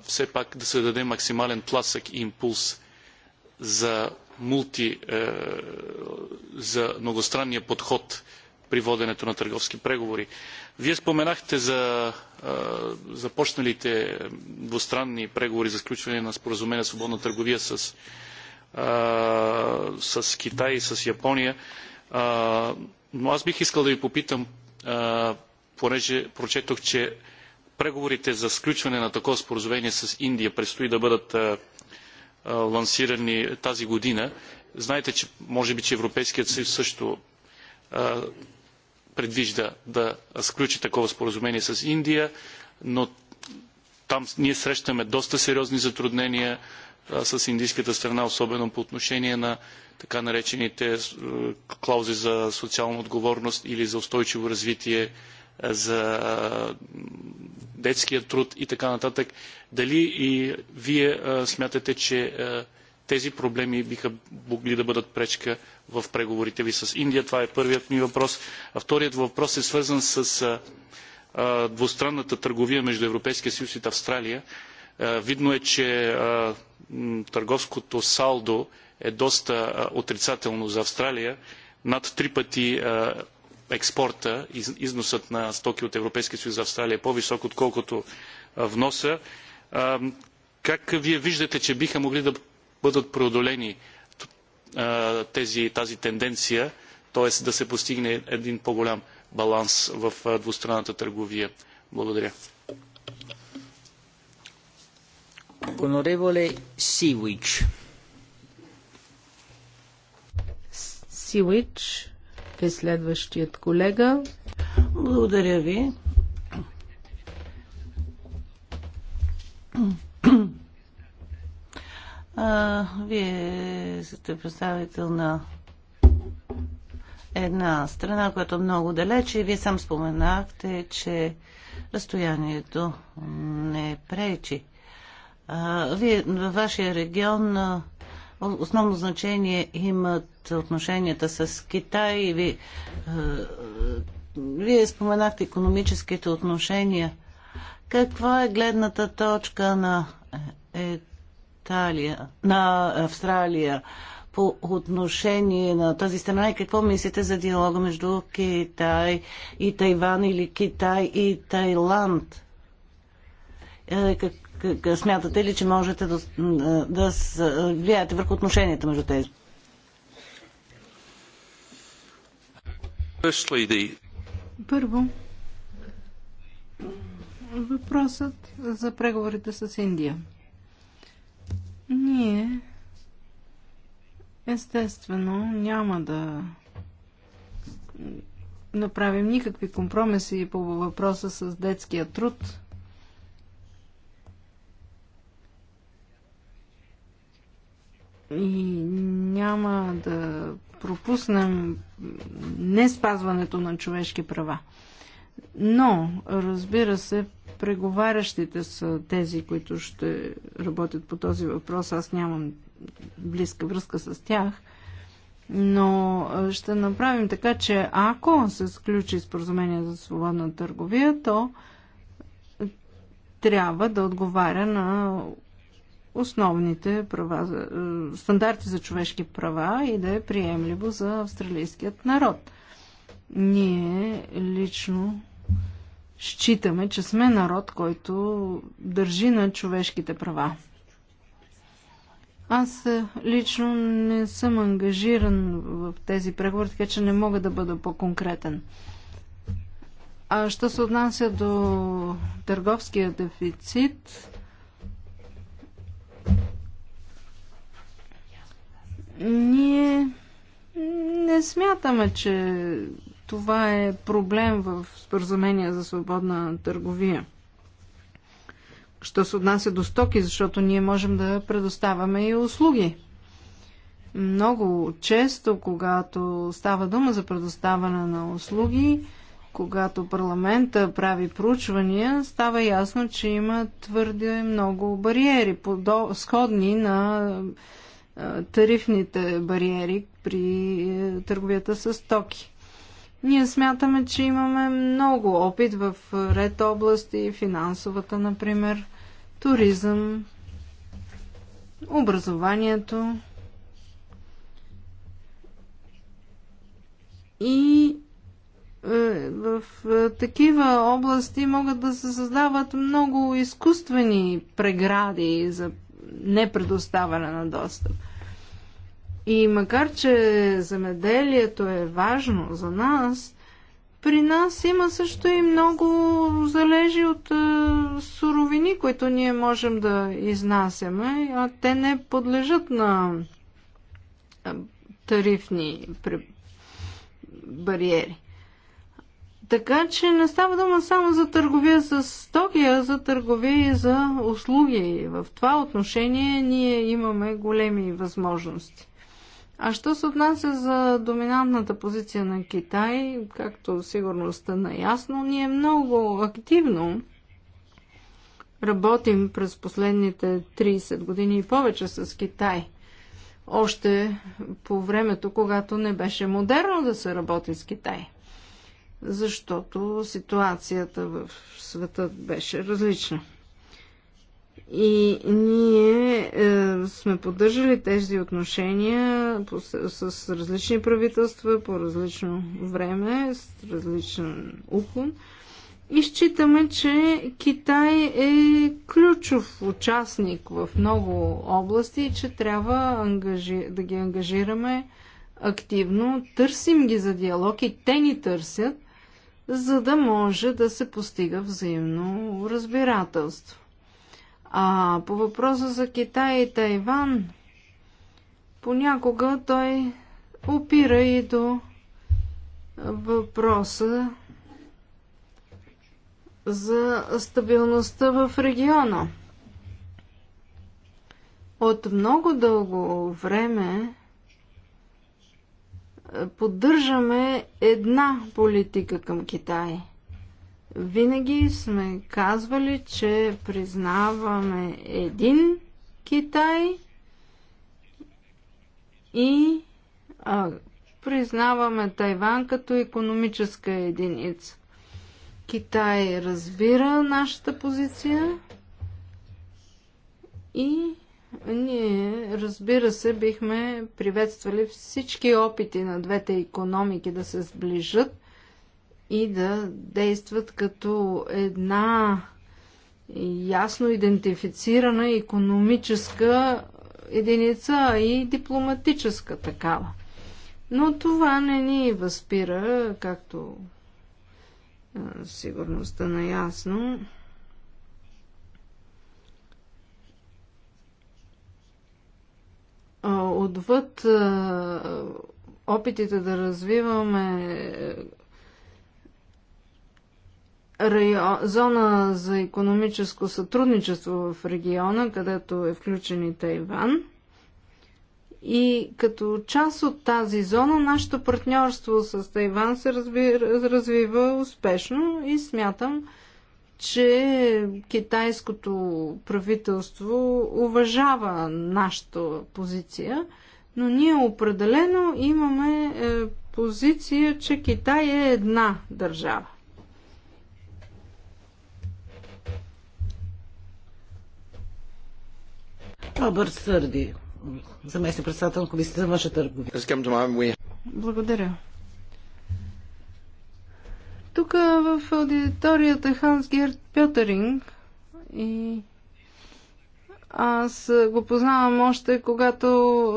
все пак да се даде максимален тласък и импулс за, мулти, е, за многостранния подход при воденето на търговски преговори. Вие споменахте за започналите двустранни преговори за сключване на споразумение за свободна търговия с, с Китай и с Япония. но аз бих искал да ви попитам, понеже прочетох, че преговорите за сключване на такова споразумение с Индия предстои да бъдат лансирани тази година. Знаете, че може би, че Европейският съюз също предвижда да сключи такова споразумение с Индия, но там ние срещаме доста сериозни затруднения а, с индийската страна, особено по отношение на така наречените а, клаузи за социална отговорност или за устойчиво развитие, а, за детския труд и така нататък. Дали и вие смятате, че тези проблеми биха могли да бъдат пречка в преговорите ви с Индия? Това е първият ми въпрос. А вторият въпрос е свързан с двустранната търговия между Европейския съюз и Австралия. Видно е, че търговското салдо е доста отрицателно за Австралия. Над три пъти експорта, износът на стоки от Европейския съюз за Австралия е по-висок, отколкото вноса. Как вие виждате, че биха могли да бъдат преодолени тази тенденция, т.е. да се постигне един по-голям баланс в двустранната търговия. Благодаря. Honorevole Сивич. Сивич е следващият колега. Благодаря ви. А, вие сте представител на една страна, която е много далече и вие сам споменахте, че разстоянието не пречи. А, вие във вашия регион основно значение имат отношенията с Китай и ви, вие споменахте економическите отношения. Каква е гледната точка на Италия, на Австралия по отношение на тази страна и какво мислите за диалога между Китай и Тайван или Китай и Тайланд? Е, как, как, смятате ли, че можете да, да влияете върху отношенията между тези? Първо, въпросът за преговорите с Индия. Ние естествено няма да направим никакви компромиси по въпроса с детския труд. И няма да пропуснем не спазването на човешки права. Но, разбира се, преговарящите са тези, които ще работят по този въпрос. Аз нямам близка връзка с тях. Но ще направим така, че ако се сключи споразумение за свободна търговия, то трябва да отговаря на основните права, стандарти за човешки права и да е приемливо за австралийският народ. Ние лично считаме, че сме народ, който държи на човешките права. Аз лично не съм ангажиран в тези преговори, така че не мога да бъда по-конкретен. А що се отнася до търговския дефицит, ние не смятаме, че това е проблем в споразумения за свободна търговия. Що се отнася до стоки, защото ние можем да предоставяме и услуги. Много често, когато става дума за предоставяне на услуги, когато парламента прави проучвания, става ясно, че има твърде много бариери, сходни на тарифните бариери при е, търговията с токи. Ние смятаме, че имаме много опит в ред области, финансовата, например, туризъм, образованието и е, в е, такива области могат да се създават много изкуствени прегради за непредоставяне на достъп. И макар, че земеделието е важно за нас, при нас има също и много залежи от е, суровини, които ние можем да изнасяме, а те не подлежат на е, тарифни бариери. Така че не става дума само за търговия с стоки, а за търговия и за услуги. В това отношение ние имаме големи възможности. А що се отнася за доминантната позиция на Китай, както сигурно сте наясно, ние много активно работим през последните 30 години и повече с Китай. Още по времето, когато не беше модерно да се работи с Китай. Защото ситуацията в света беше различна. И ние е, сме поддържали тези отношения по, с, с различни правителства по различно време, с различен уклон. И считаме, че Китай е ключов участник в много области и че трябва ангажи... да ги ангажираме активно. Търсим ги за диалог и те ни търсят, за да може да се постига взаимно разбирателство. А по въпроса за Китай и Тайван, понякога той опира и до въпроса за стабилността в региона. От много дълго време е, поддържаме една политика към Китай – винаги сме казвали, че признаваме един Китай и а, признаваме Тайван като економическа единица. Китай разбира нашата позиция и ние, разбира се, бихме приветствали всички опити на двете економики да се сближат, и да действат като една ясно идентифицирана економическа единица и дипломатическа такава. Но това не ни възпира, както сигурността на наясно. Отвъд опитите да развиваме район, зона за економическо сътрудничество в региона, където е включен и Тайван. И като част от тази зона, нашето партньорство с Тайван се развива успешно и смятам, че китайското правителство уважава нашата позиция, но ние определено имаме е, позиция, че Китай е една държава. Робърт Сърди, заместник председател на комисията за търговия. Благодаря. Тук в аудиторията Ханс Герт Пьотеринг и аз го познавам още когато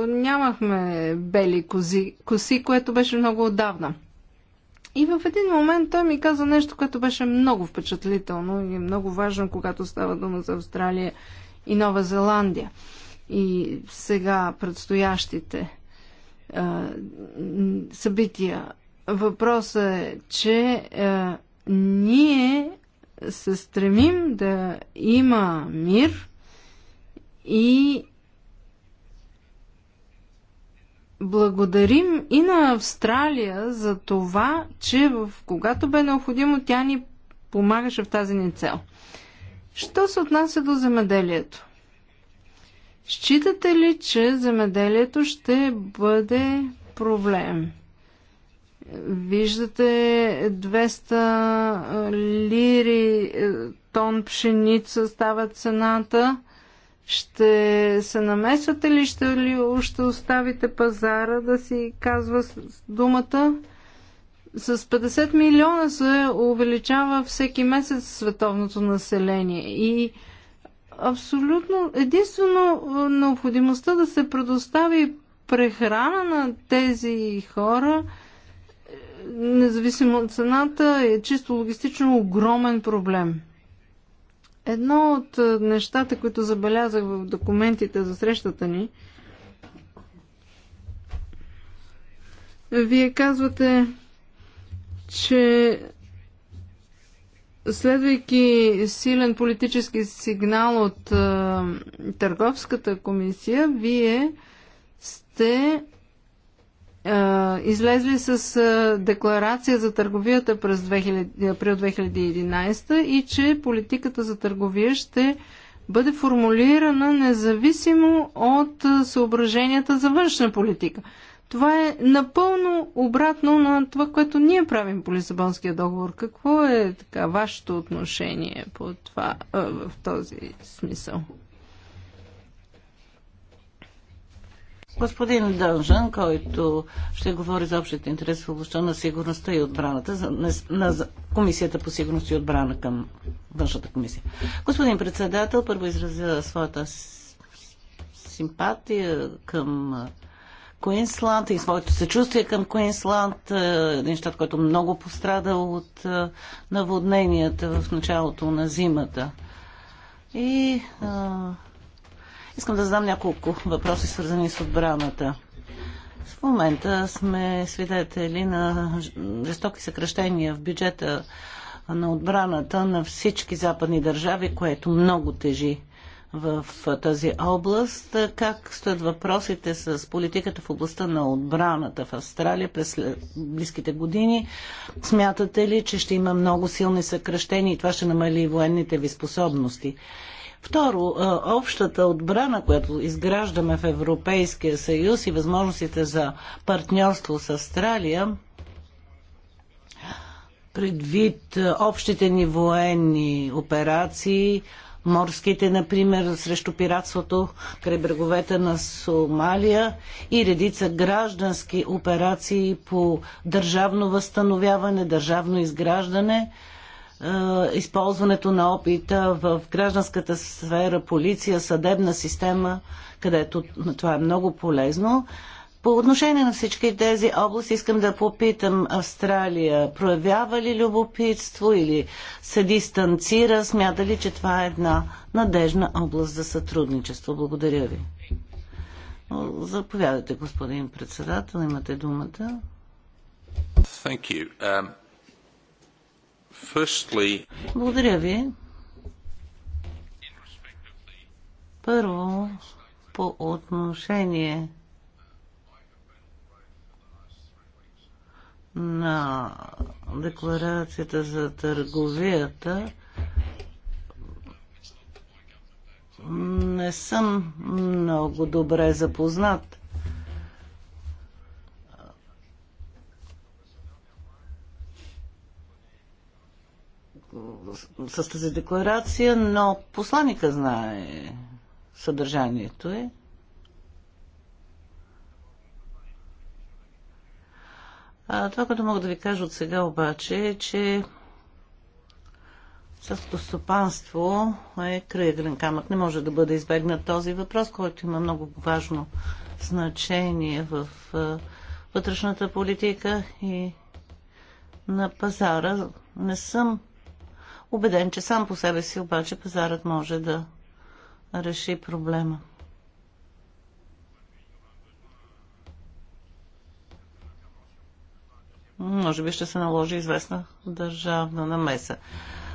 нямахме бели кози, коси, което беше много отдавна. И в един момент той ми каза нещо, което беше много впечатлително и е много важно, когато става дума за Австралия и Нова Зеландия и сега предстоящите а, събития. Въпросът е, че а, ние се стремим да има мир и благодарим и на Австралия за това, че в, когато бе необходимо, тя ни помагаше в тази ни цел. Що се отнася до земеделието? Считате ли, че земеделието ще бъде проблем? Виждате 200 лири е, тон пшеница става цената. Ще се намесвате ли, ще, ли, ще оставите пазара да си казва думата? С 50 милиона се увеличава всеки месец световното население и абсолютно единствено необходимостта да се предостави прехрана на тези хора, е, независимо от цената, е чисто логистично огромен проблем. Едно от нещата, които забелязах в документите за срещата ни, вие казвате, че следвайки силен политически сигнал от а, Търговската комисия, вие сте а, излезли с а, декларация за търговията през 2000, април 2011 и че политиката за търговия ще бъде формулирана независимо от съображенията за външна политика. Това е напълно обратно на това, което ние правим по Лисабонския договор. Какво е така вашето отношение по това, в този смисъл? Господин Дължан, който ще говори за общите интерес в областта на сигурността и отбраната, на, на Комисията по сигурност и отбрана към външната комисия. Господин председател, първо изразя своята симпатия към Куинсланд и своето съчувствие към Куинсланд, един щат, който много пострадал от е, наводненията в началото на зимата. И а, е, искам да задам няколко въпроси, свързани с отбраната. В момента сме свидетели на жестоки съкръщения в бюджета на отбраната на всички западни държави, което много тежи в тази област. Как стоят въпросите с политиката в областта на отбраната в Австралия през близките години? Смятате ли, че ще има много силни съкръщения и това ще намали военните ви способности? Второ, общата отбрана, която изграждаме в Европейския съюз и възможностите за партньорство с Австралия, предвид общите ни военни операции, морските, например, срещу пиратството край бреговете на Сомалия и редица граждански операции по държавно възстановяване, държавно изграждане, е, използването на опита в гражданската сфера, полиция, съдебна система, където това е много полезно. По отношение на всички тези области искам да попитам Австралия, проявява ли любопитство или се дистанцира, смята ли, че това е една надежна област за сътрудничество? Благодаря ви. Заповядайте, господин председател, имате думата. Um, firstly... Благодаря ви. Първо, по отношение на декларацията за търговията не съм много добре запознат. с тази декларация, но посланика знае съдържанието е. А, това, което мога да ви кажа от сега обаче е, че Селското стопанство е кръглен камък. Не може да бъде избегнат този въпрос, който има много важно значение в вътрешната политика и на пазара. Не съм убеден, че сам по себе си обаче пазарът може да реши проблема. може би ще се наложи известна държавна намеса.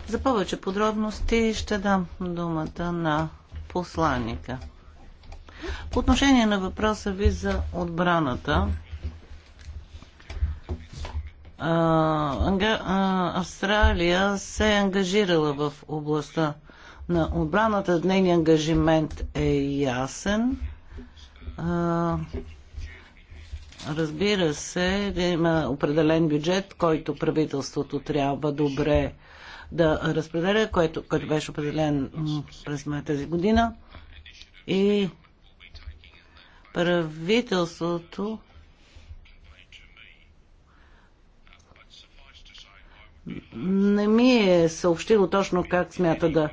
За повече подробности ще дам думата на посланника. По отношение на въпроса ви за отбраната, Австралия се е ангажирала в областта на отбраната. Нейният ангажимент е ясен. Разбира се, има определен бюджет, който правителството трябва добре да разпределя, който, който беше определен през тази година. И правителството не ми е съобщило точно как смята да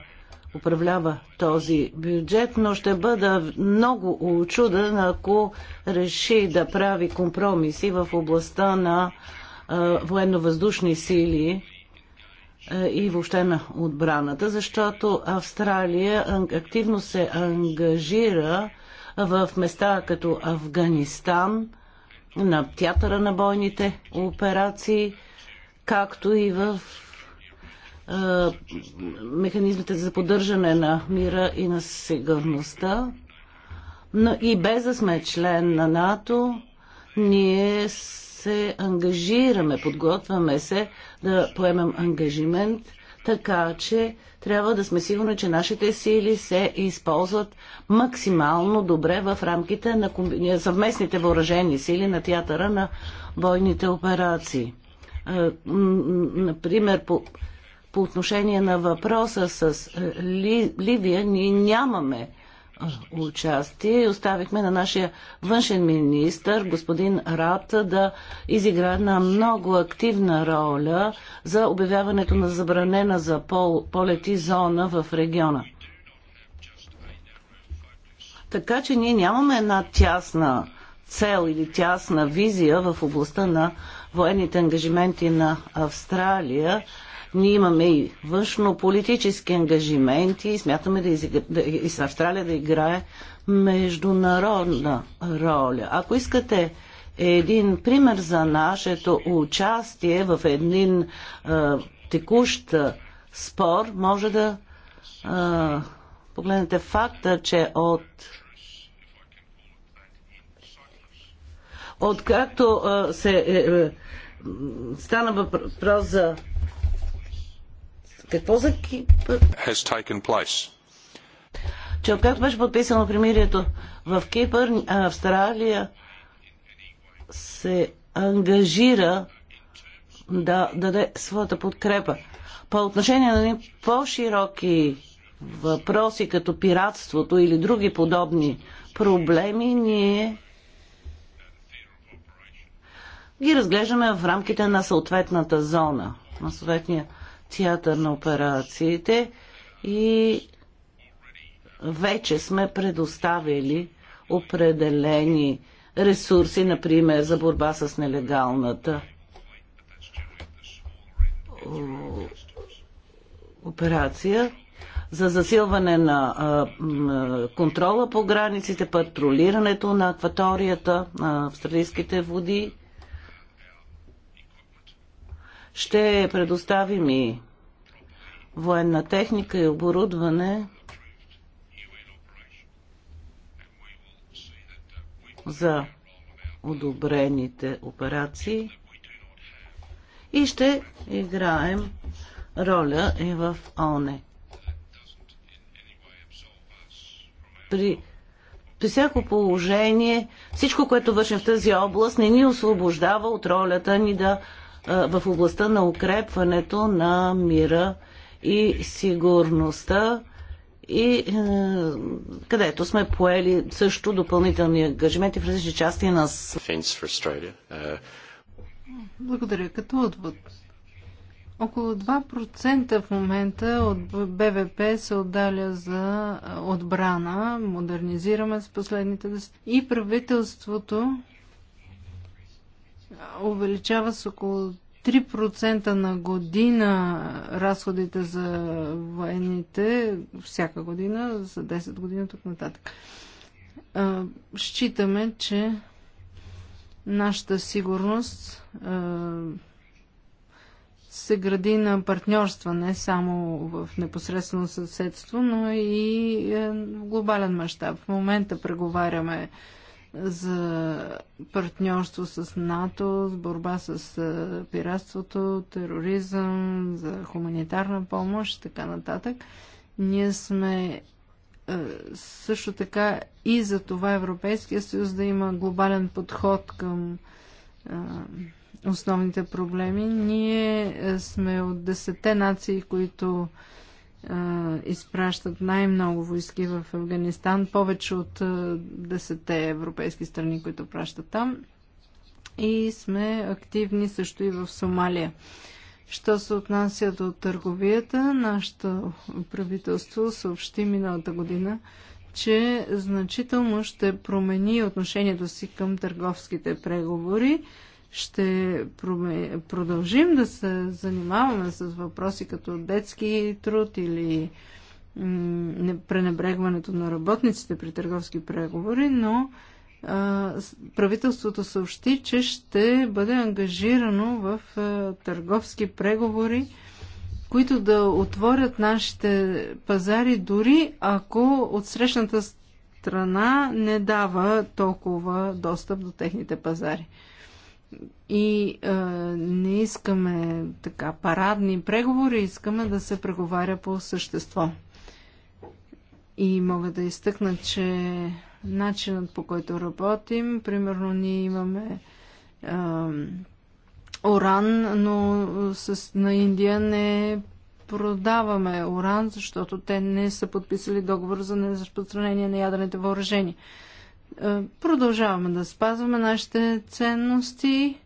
управлява този бюджет, но ще бъда много очуден, ако реши да прави компромиси в областта на военно-въздушни сили и въобще на отбраната, защото Австралия активно се ангажира в места като Афганистан, на театъра на бойните операции, както и в механизмите за поддържане на мира и на сигурността. Но и без да сме член на НАТО, ние се ангажираме, подготвяме се да поемем ангажимент, така че трябва да сме сигурни, че нашите сили се използват максимално добре в рамките на съвместните въоръжени сили на театъра на бойните операции. Например, по по отношение на въпроса с е, Ли, Ливия, ние нямаме е, участие и оставихме на нашия външен министр, господин Рат, да изигра една много активна роля за обявяването на забранена за пол, полети зона в региона. Така че ние нямаме една тясна цел или тясна визия в областта на военните ангажименти на Австралия ние имаме и външно-политически ангажименти и смятаме да, из, да и с Австралия да играе международна роля. Ако искате един пример за нашето участие в един а, текущ спор, може да а, погледнете факта, че от откакто се е, е, стана въпрос за какво за Кипър? Че откакто беше подписано примирието в Кипър, Австралия се ангажира да даде своята подкрепа. По отношение на по-широки въпроси, като пиратството или други подобни проблеми, ние ги разглеждаме в рамките на съответната зона, на съответния театър на операциите и вече сме предоставили определени ресурси, например за борба с нелегалната операция за засилване на а, контрола по границите, патрулирането на акваторията на австралийските води ще предоставим и военна техника и оборудване за одобрените операции и ще играем роля и в ОНЕ. При, при всяко положение, всичко, което вършим в тази област, не ни освобождава от ролята ни да в областта на укрепването на мира и сигурността и е, където сме поели също допълнителни ангажименти в различни части на е, Благодаря. Като отвод. Около 2% в момента от БВП се отдаля за е, отбрана. Модернизираме с последните И правителството увеличава с около 3% на година разходите за военните всяка година, за 10 години тук нататък. Считаме, че нашата сигурност се гради на партньорства, не само в непосредствено съседство, но и е, в глобален мащаб. В момента преговаряме за партньорство с НАТО, с борба с пиратството, тероризъм, за хуманитарна помощ и така нататък. Ние сме също така и за това Европейския съюз да има глобален подход към основните проблеми. Ние сме от десете нации, които изпращат най-много войски в Афганистан, повече от 10-те европейски страни, които пращат там. И сме активни също и в Сомалия. Що се отнася до търговията, нашето правителство съобщи миналата година, че значително ще промени отношението си към търговските преговори ще продължим да се занимаваме с въпроси като детски труд или пренебрегването на работниците при търговски преговори, но правителството съобщи, че ще бъде ангажирано в търговски преговори, които да отворят нашите пазари, дори ако от срещната страна не дава толкова достъп до техните пазари и а, е, не искаме така парадни преговори, искаме да се преговаря по същество. И мога да изтъкна, че начинът по който работим, примерно ние имаме а, е, уран, но с, на Индия не продаваме уран, защото те не са подписали договор за неразпространение на ядрените въоръжения. Е, продължаваме да спазваме нашите ценности,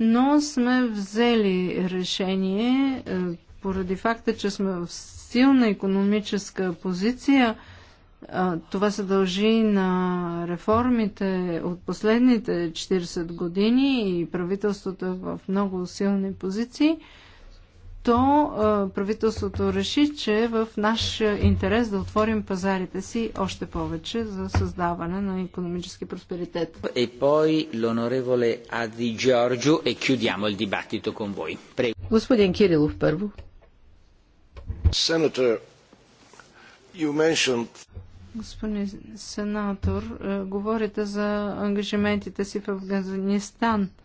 но сме взели решение е, поради факта, че сме в силна економическа позиция. Е, това се дължи на реформите от последните 40 години и правителството е в много силни позиции то правителството реши, че е в наш интерес да отворим пазарите си още повече за създаване на економически просперитет. И пой лонореволе Ади Джорджо e е, кюдямо il dibattito con voi. Prego. Господин Кирилов първо. Senator, you mentioned... Господин сенатор, е, говорите за ангажиментите си в Афганистан –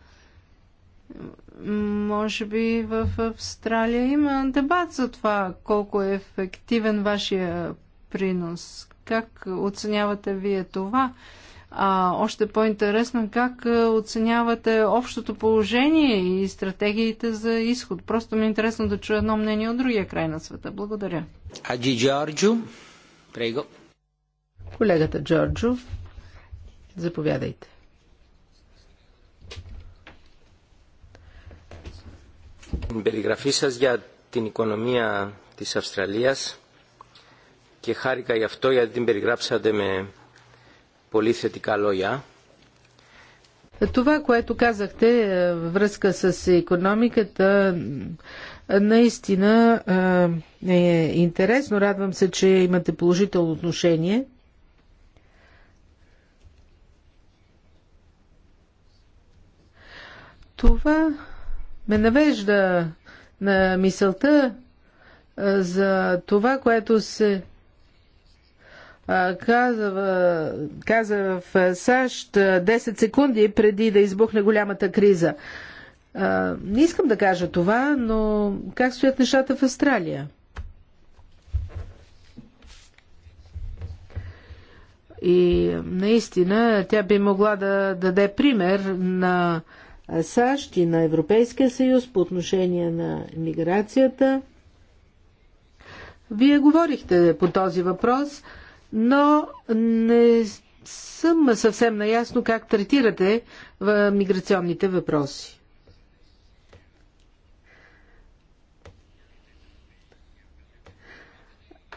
може би в Австралия има дебат за това колко е ефективен вашия принос. Как оценявате вие това? А още по-интересно как оценявате общото положение и стратегиите за изход. Просто ми е интересно да чуя едно мнение от другия край на света. Благодаря. Аджи Джорджо, прего. Колегата Джорджо, заповядайте. Την Περιγραφή σας για την οικονομία της Αυστραλίας και χάρηκα γι' αυτό γιατί την περιγράψατε με πολύ θετικά λόγια. Това, което казахте връзка с економиката, наистина е интересно. Радвам се, че имате положително отношение. Това ме навежда на мисълта за това, което се каза, каза в САЩ 10 секунди преди да избухне голямата криза. Не искам да кажа това, но как стоят нещата в Австралия? И наистина тя би могла да даде пример на САЩ и на Европейския съюз по отношение на миграцията. Вие говорихте по този въпрос, но не съм съвсем наясно как третирате в миграционните въпроси.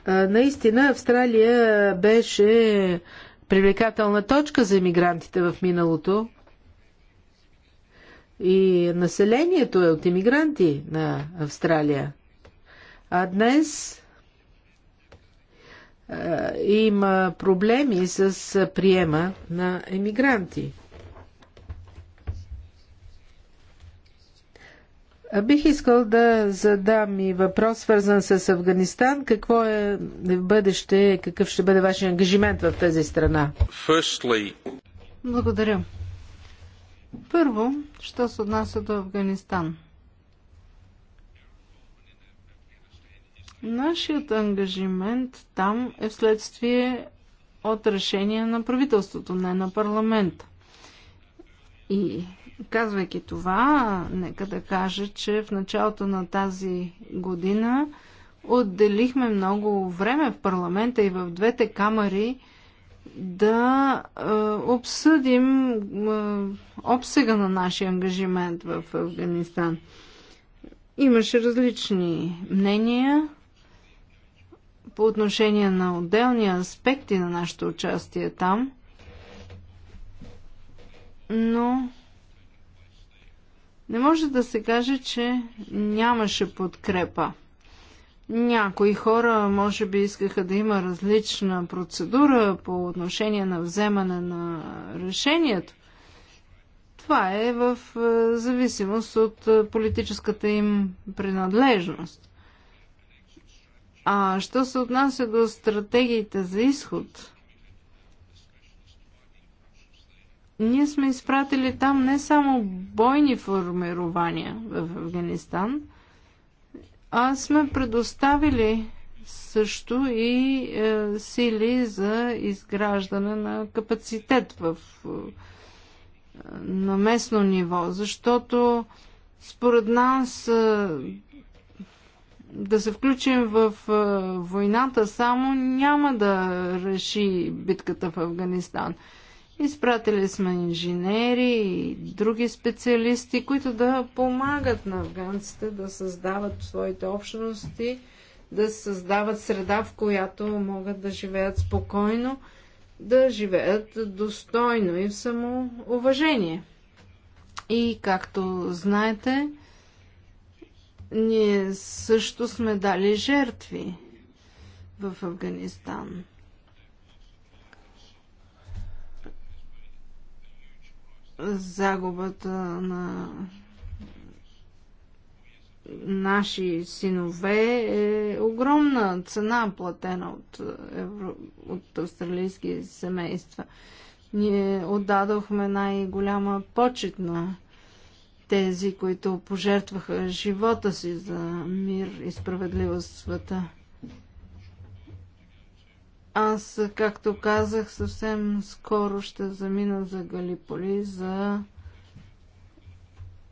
Наистина Австралия беше привлекателна точка за иммигрантите в миналото – и населението е от иммигранти на Австралия. А днес е, има проблеми с приема на емигранти. Бих искал да задам и въпрос, свързан с Афганистан. Какво е в бъдеще, какъв ще бъде вашия ангажимент в тази страна? Благодаря. Първо, що се отнася до Афганистан. Нашият ангажимент там е вследствие от решение на правителството, не на парламента. И казвайки това, нека да кажа, че в началото на тази година отделихме много време в парламента и в двете камари да е, обсъдим е, обсега на нашия ангажимент в Афганистан. Имаше различни мнения по отношение на отделни аспекти на нашето участие там, но не може да се каже, че нямаше подкрепа. Някои хора може би искаха да има различна процедура по отношение на вземане на решението. Това е в е, зависимост от е, политическата им принадлежност. А що се отнася до стратегиите за изход, ние сме изпратили там не само бойни формирования в Афганистан – аз сме предоставили също и е, сили за изграждане на капацитет в, е, на местно ниво, защото според нас е, да се включим в е, войната само няма да реши битката в Афганистан. Е, Изпратили сме инженери и други специалисти, които да помагат на афганците да създават своите общности, да създават среда, в която могат да живеят спокойно, да живеят достойно и в самоуважение. И както знаете, ние също сме дали жертви в Афганистан. загубата на наши синове е огромна цена, платена от, евро... от австралийски семейства. Ние отдадохме най-голяма почет на тези, които пожертваха живота си за мир и справедливост в света. Аз, както казах, съвсем скоро ще замина за Галиполи за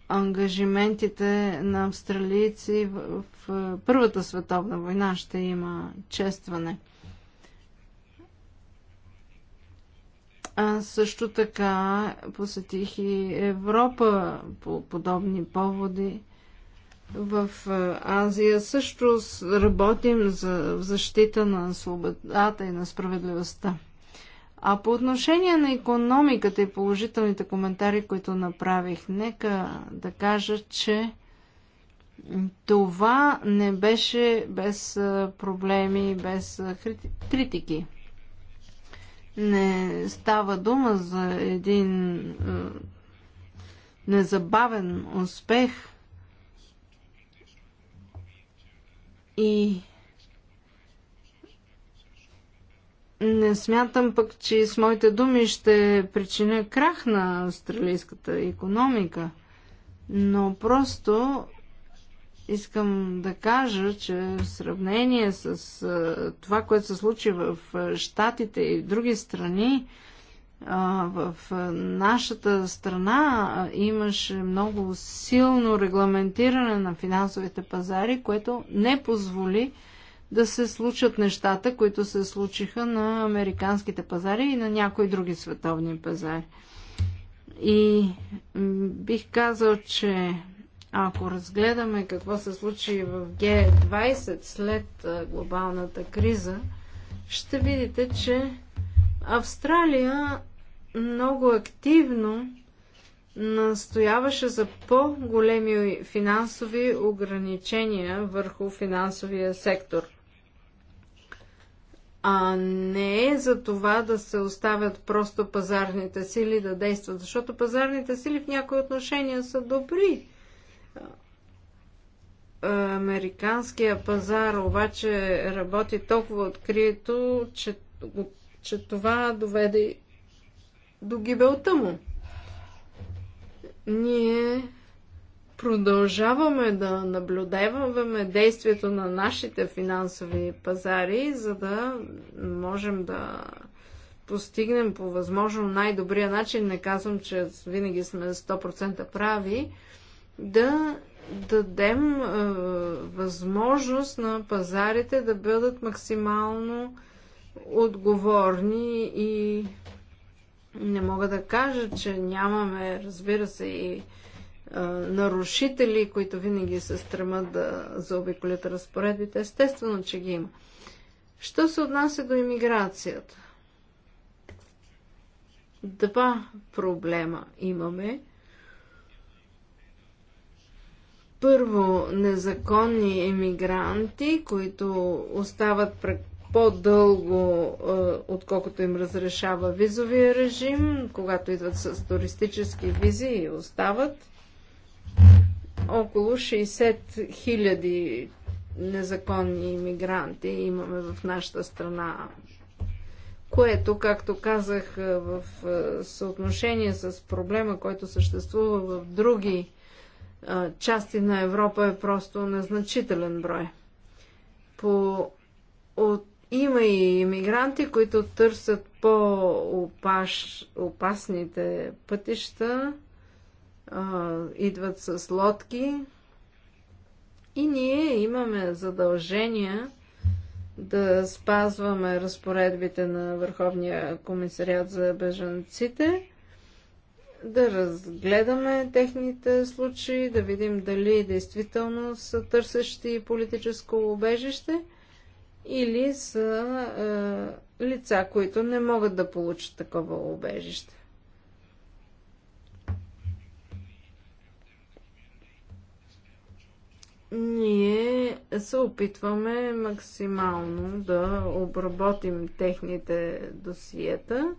ангажиментите на австралийци в, в Първата световна война. Ще има честване. А също така посетих и Европа по подобни поводи в Азия също работим за защита на свободата и на справедливостта. А по отношение на економиката и положителните коментари, които направих, нека да кажа, че това не беше без проблеми, без критики. Не става дума за един незабавен успех – И не смятам пък, че с моите думи ще причиня крах на австралийската економика, но просто искам да кажа, че в сравнение с това, което се случи в Штатите и в други страни, в нашата страна имаше много силно регламентиране на финансовите пазари, което не позволи да се случат нещата, които се случиха на американските пазари и на някои други световни пазари. И бих казал, че ако разгледаме какво се случи в Г20 след глобалната криза, ще видите, че Австралия много активно настояваше за по-големи финансови ограничения върху финансовия сектор. А не е за това да се оставят просто пазарните сили да действат, защото пазарните сили в някои отношения са добри. Американския пазар обаче работи толкова открито, че, че това доведе до гибелта му. Ние продължаваме да наблюдаваме действието на нашите финансови пазари, за да можем да постигнем по възможно най-добрия начин, не казвам, че винаги сме 100% прави, да дадем е, възможност на пазарите да бъдат максимално отговорни и не мога да кажа, че нямаме, разбира се, и нарушители, които винаги се стремат да заобиколят разпоредбите. Естествено, че ги има. Що се отнася до иммиграцията? Два проблема имаме. Първо, незаконни емигранти, които остават по-дълго, е, отколкото им разрешава визовия режим, когато идват с туристически визи и остават. Около 60 хиляди незаконни иммигранти имаме в нашата страна, което, както казах, е, в е, съотношение с проблема, който съществува в други части на Европа е просто незначителен брой. По от има и иммигранти, които търсят по-опасните пътища, а, идват с лодки и ние имаме задължения да спазваме разпоредбите на Върховния комисариат за бежанците, да разгледаме техните случаи, да видим дали действително са търсещи политическо убежище – или са е, лица, които не могат да получат такова убежище. Ние се опитваме максимално да обработим техните досиета.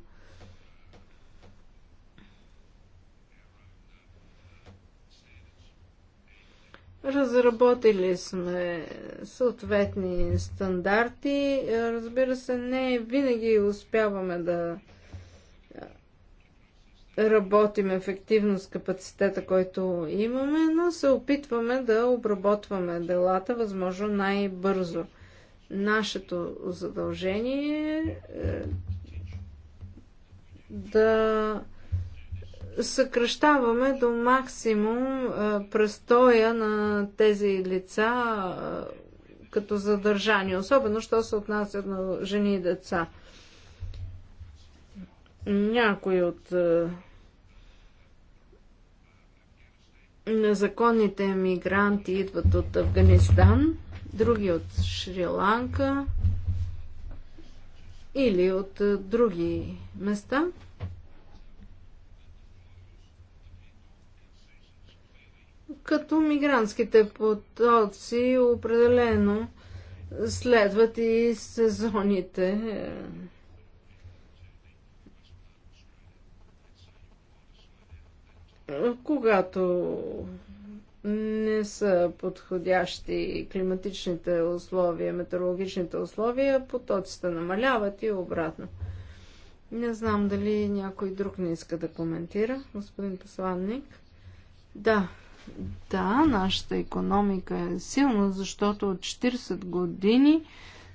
Разработили сме съответни стандарти. Е, разбира се, не винаги успяваме да е, работим ефективно с капацитета, който имаме, но се опитваме да обработваме делата възможно най-бързо. Нашето задължение е, е да съкръщаваме до максимум престоя на тези лица като задържани, особено що се отнася на жени и деца. Някои от незаконните мигранти идват от Афганистан, други от Шри-Ланка или от други места – като мигрантските потоци определено следват и сезоните. Когато не са подходящи климатичните условия, метеорологичните условия, потоците намаляват и обратно. Не знам дали някой друг не иска да коментира, господин посланник. Да, да, нашата економика е силна, защото от 40 години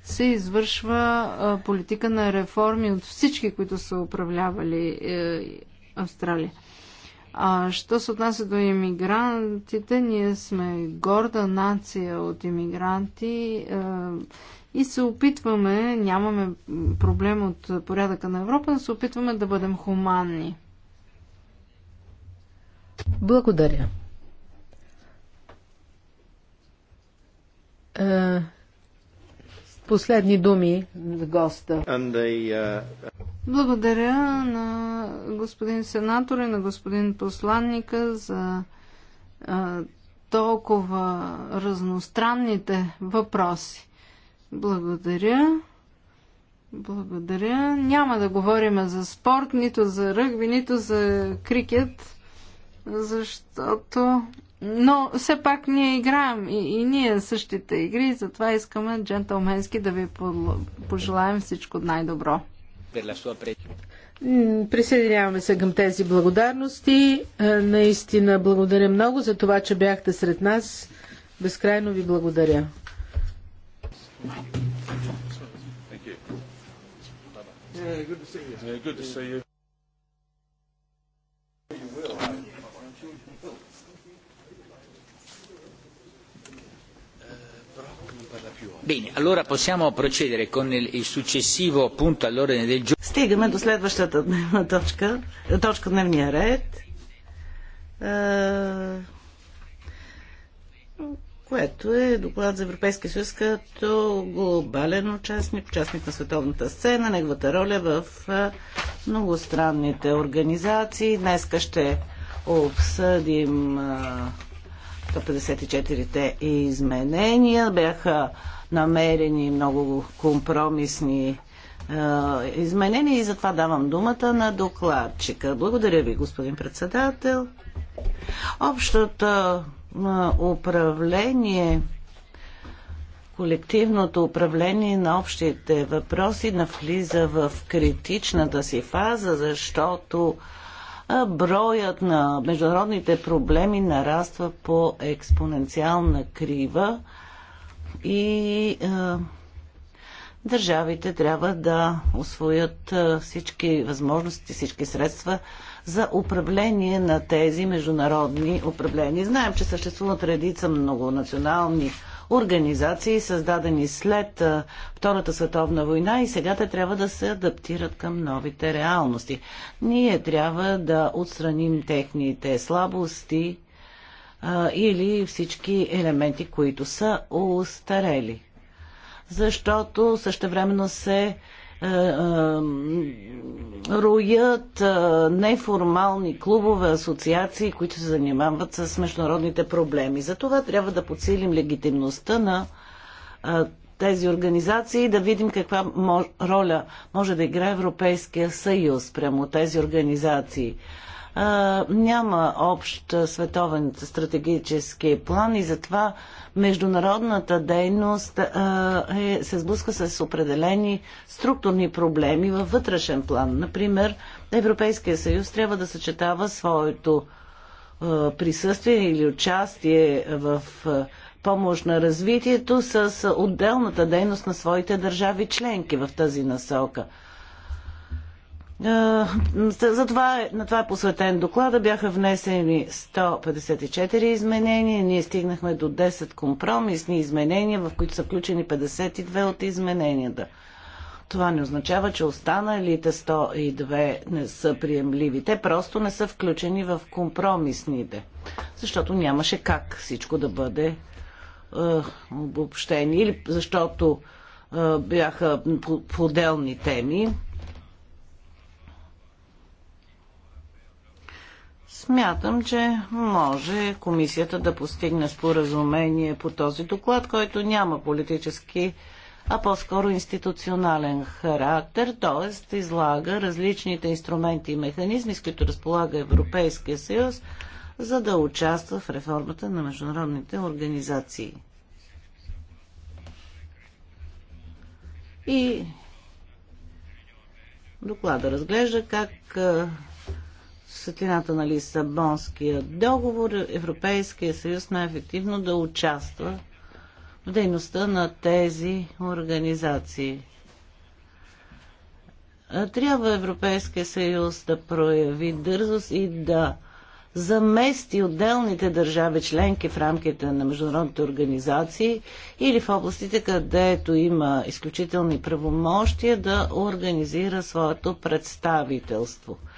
се извършва политика на реформи от всички, които са управлявали е, Австралия. А що се отнася до иммигрантите, ние сме горда нация от иммигранти е, и се опитваме, нямаме проблем от порядъка на Европа, но се опитваме да бъдем хуманни. Благодаря. Е, последни думи за госта. Uh, Благодаря на господин сенатор и на господин посланника за е, толкова разностранните въпроси. Благодаря. Благодаря. Няма да говорим за спорт, нито за ръгби, нито за крикет, защото но все пак ние играем и, и ние същите игри, затова искаме джентълменски да ви пожелаем всичко най-добро. Присъединяваме се към тези благодарности. Е, наистина благодаря много за това, че бяхте сред нас. Безкрайно ви благодаря. Yeah, good to see you. Yeah, good to see you. You will. Bene, allora possiamo procedere con il successivo punto all'ordine del giorno. Стигаме до следващата дневна точка, точка дневния ред, е, което е доклад за Европейския съюз като глобален участник, участник на световната сцена, неговата роля в е, многостранните организации. Днеска ще обсъдим е, 154 те изменения, бяха намерени много компромисни е, изменения и затова давам думата на докладчика. Благодаря ви, господин председател. Общото е, управление колективното управление на общите въпроси навлиза в критичната си фаза, защото броят на международните проблеми нараства по експоненциална крива и е, държавите трябва да освоят всички възможности, всички средства за управление на тези международни управления. Знаем, че съществуват редица многонационални организации, създадени след Втората световна война и сега те трябва да се адаптират към новите реалности. Ние трябва да отстраним техните слабости а, или всички елементи, които са устарели. Защото същевременно се е, е, роят е, неформални клубове, асоциации, които се занимават с международните проблеми. За това трябва да подсилим легитимността на тези организации и да видим каква роля може да играе Европейския съюз прямо тези организации а, няма общ световен стратегически план и затова международната дейност а, е, се сблъска с определени структурни проблеми във вътрешен план. Например, Европейския съюз трябва да съчетава своето а, присъствие или участие в а, помощ на развитието с отделната дейност на своите държави членки в тази насока – за това, е, на това е посветен доклада. Бяха внесени 154 изменения. Ние стигнахме до 10 компромисни изменения, в които са включени 52 от измененията. Това не означава, че останалите 102 не са приемливи. Те просто не са включени в компромисните, защото нямаше как всичко да бъде е, обобщени или защото е, бяха по, по отделни теми Смятам, че може комисията да постигне споразумение по този доклад, който няма политически, а по-скоро институционален характер, т.е. излага различните инструменти и механизми, с които разполага Европейския съюз, за да участва в реформата на международните организации. И доклада разглежда как светлината на Лисабонския договор Европейския съюз най-ефективно да участва в дейността на тези организации. Трябва Европейския съюз да прояви дързост и да замести отделните държави членки в рамките на международните организации или в областите, където има изключителни правомощия да организира своето представителство –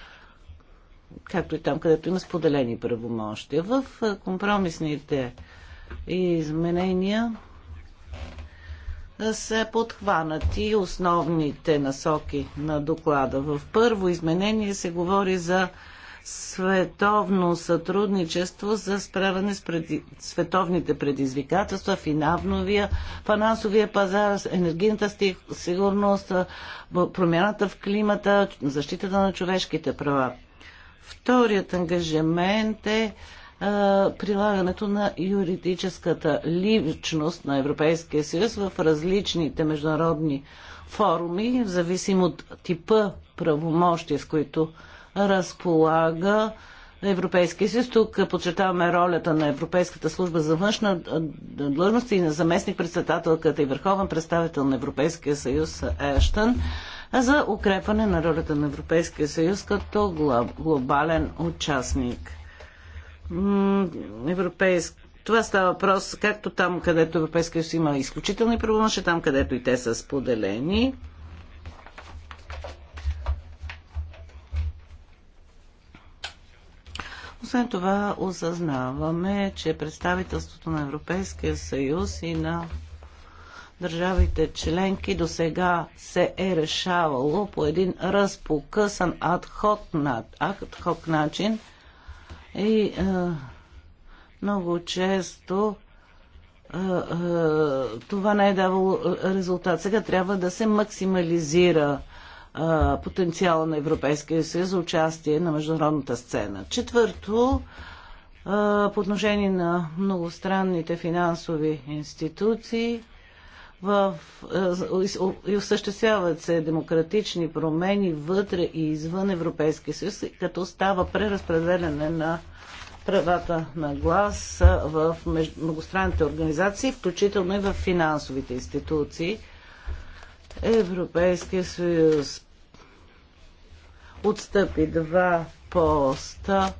както и там, където има споделени правомощия. В компромисните изменения са подхванати основните насоки на доклада. В първо изменение се говори за световно сътрудничество за справяне с преди... световните предизвикателства, финавновия, финансовия пазар, енергийната сигурност, промяната в климата, защитата на човешките права. Вторият ангажимент е прилагането на юридическата личност на Европейския съюз в различните международни форуми, в зависимо от типа правомощия, с които разполага Европейския съюз. Тук подчертаваме ролята на Европейската служба за външна длъжност и на заместник председателката и върховен представител на Европейския съюз Ештън за укрепване на ролята на Европейския съюз като глобален участник. Европейск... Това става въпрос както там, където Европейския съюз има изключителни правомощи, там, където и те са споделени. Освен това, осъзнаваме, че представителството на Европейския съюз и на държавите членки до сега се е решавало по един разпокъсан адхок, над, адхок начин и е, много често е, е, това не е давало резултат. Сега трябва да се максимализира е, потенциала на Европейския съюз за участие на международната сцена. Четвърто, е, по отношение на многостранните финансови институции в, е, и осъществяват се демократични промени вътре и извън Европейския съюз, като става преразпределяне на правата на глас в многостранните организации, включително и в финансовите институции. Европейския съюз отстъпи два поста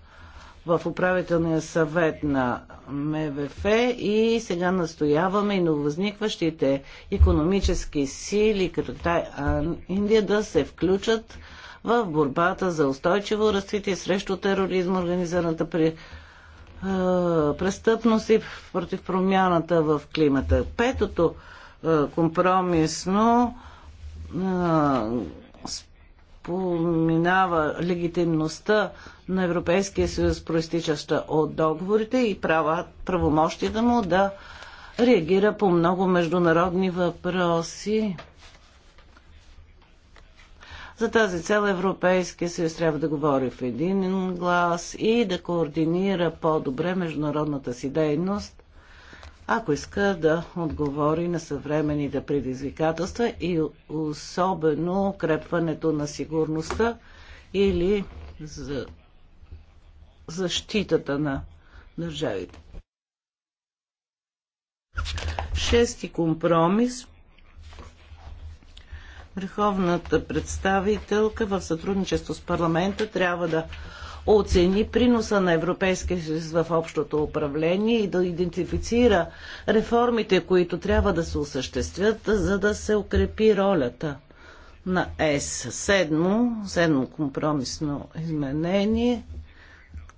в управителния съвет на МВФ и сега настояваме и нововъзникващите економически сили, като Китай, Индия, да се включат в борбата за устойчиво развитие срещу тероризма, организираната при, е, престъпност и против промяната в климата. Петото е, компромисно е, споминава легитимността на Европейския съюз, проистичаща от договорите и права, правомощията му да реагира по много международни въпроси. За тази цел Европейския съюз трябва да говори в един глас и да координира по-добре международната си дейност, ако иска да отговори на съвременните предизвикателства и особено укрепването на сигурността или за защитата на държавите. Шести компромис. Върховната представителка в сътрудничество с парламента трябва да оцени приноса на Европейския съюз в общото управление и да идентифицира реформите, които трябва да се осъществят, за да се укрепи ролята на ЕС. Седмо, седмо компромисно изменение –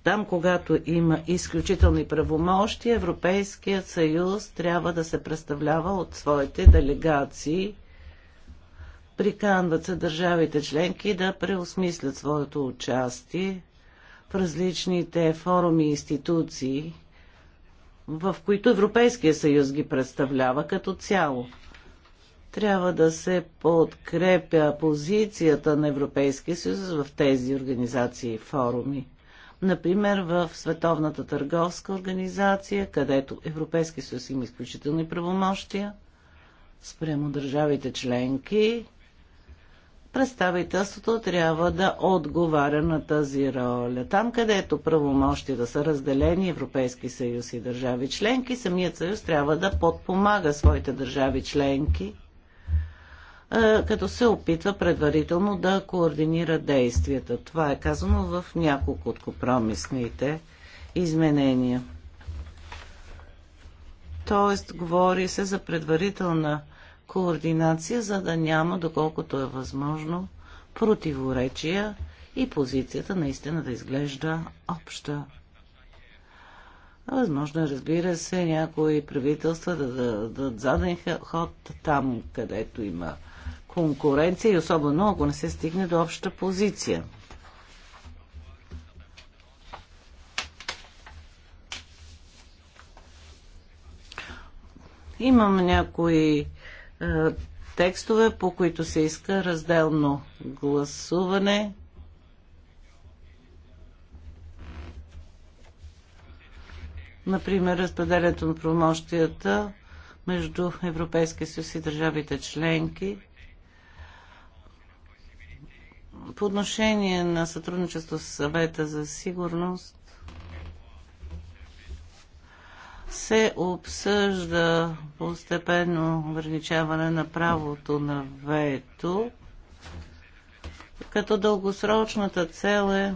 там, когато има изключителни правомощи, Европейският съюз трябва да се представлява от своите делегации. Приканват се държавите членки да преосмислят своето участие в различните форуми и институции, в които Европейския съюз ги представлява като цяло. Трябва да се подкрепя позицията на Европейския съюз в тези организации и форуми. Например, в Световната търговска организация, където Европейски съюз има изключителни правомощия спрямо държавите членки, представителството трябва да отговаря на тази роля. Там, където правомощи да са разделени Европейски съюз и държави членки, самият съюз трябва да подпомага своите държави членки като се опитва предварително да координира действията. Това е казано в няколко от компромисните изменения. Тоест, говори се за предварителна координация, за да няма, доколкото е възможно, противоречия и позицията наистина да изглежда обща. възможно е, разбира се, някои правителства да дадат заден ход там, където има конкуренция и особено ако не се стигне до обща позиция. Имам някои е, текстове, по които се иска разделно гласуване. Например, разпределението на промощията между Европейския съюз и държавите членки – по отношение на сътрудничество с съвета за сигурност се обсъжда постепенно ограничаване на правото на вето, като дългосрочната цел е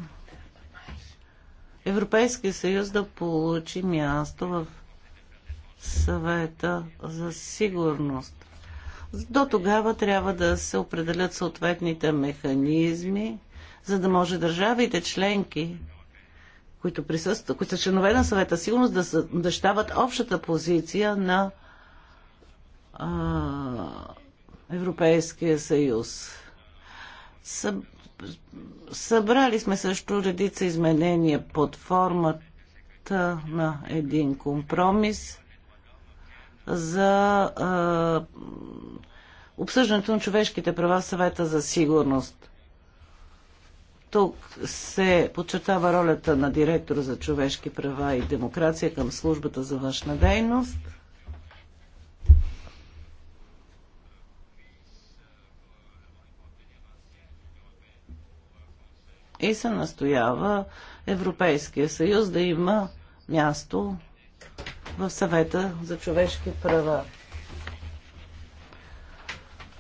Европейския съюз да получи място в съвета за сигурност. До тогава трябва да се определят съответните механизми, за да може държавите членки, които присъстват, които са членове на съвета сигурност, да съдъщават общата позиция на а, Европейския съюз. Съб... Събрали сме също редица изменения под формата на един компромис – за а, обсъждането на човешките права в съвета за сигурност. Тук се подчертава ролята на директора за човешки права и демокрация към службата за външна дейност. И се настоява Европейския съюз да има място в съвета за човешки права.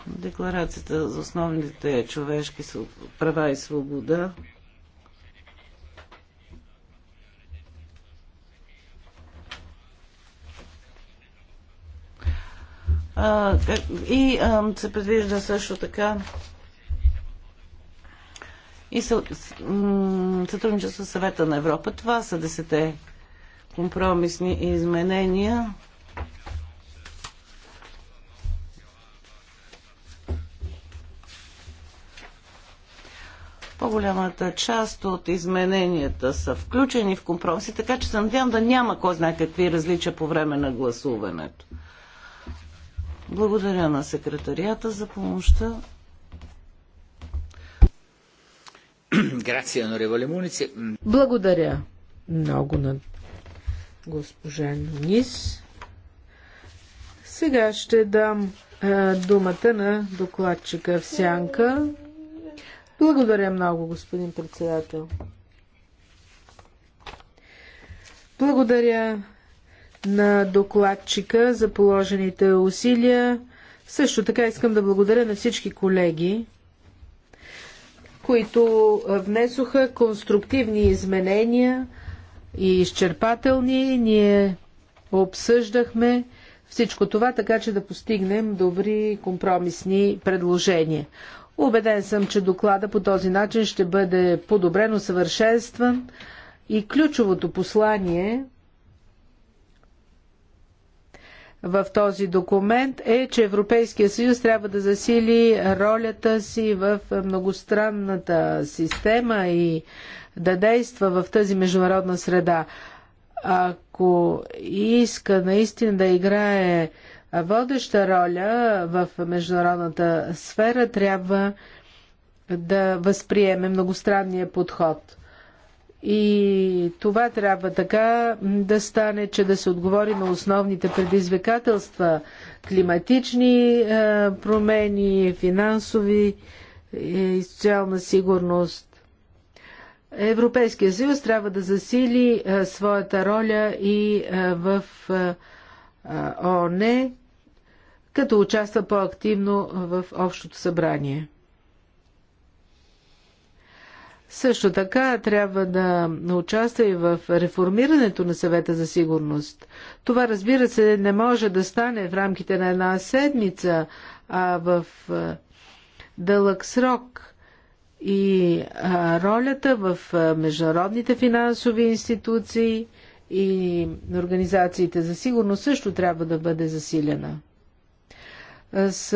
Декларацията за основните човешки права и свобода и се предвижда също така и сътрудничество с съвета на Европа. Това са десете компромисни изменения. По-голямата част от измененията са включени в компромиси, така че се надявам да няма кой знае какви различия по време на гласуването. Благодаря на секретарията за помощта. Благодаря много на госпожа Нунис. Сега ще дам е, думата на докладчика в сянка. Благодаря много, господин председател. Благодаря на докладчика за положените усилия. Също така искам да благодаря на всички колеги, които внесоха конструктивни изменения и изчерпателни. Ние обсъждахме всичко това, така че да постигнем добри компромисни предложения. Убеден съм, че доклада по този начин ще бъде подобрено съвършенстван и ключовото послание в този документ е, че Европейския съюз трябва да засили ролята си в многостранната система и да действа в тази международна среда. Ако иска наистина да играе водеща роля в международната сфера, трябва да възприеме многостранния подход. И това трябва така да стане, че да се отговори на основните предизвикателства климатични е, промени, финансови е, и социална сигурност. Европейския съюз трябва да засили а, своята роля и а, в а, ООН, като участва по-активно в Общото събрание. Също така трябва да участва и в реформирането на съвета за сигурност. Това, разбира се, не може да стане в рамките на една седмица, а в дълъг срок и ролята в международните финансови институции и организациите за сигурност също трябва да бъде засилена. С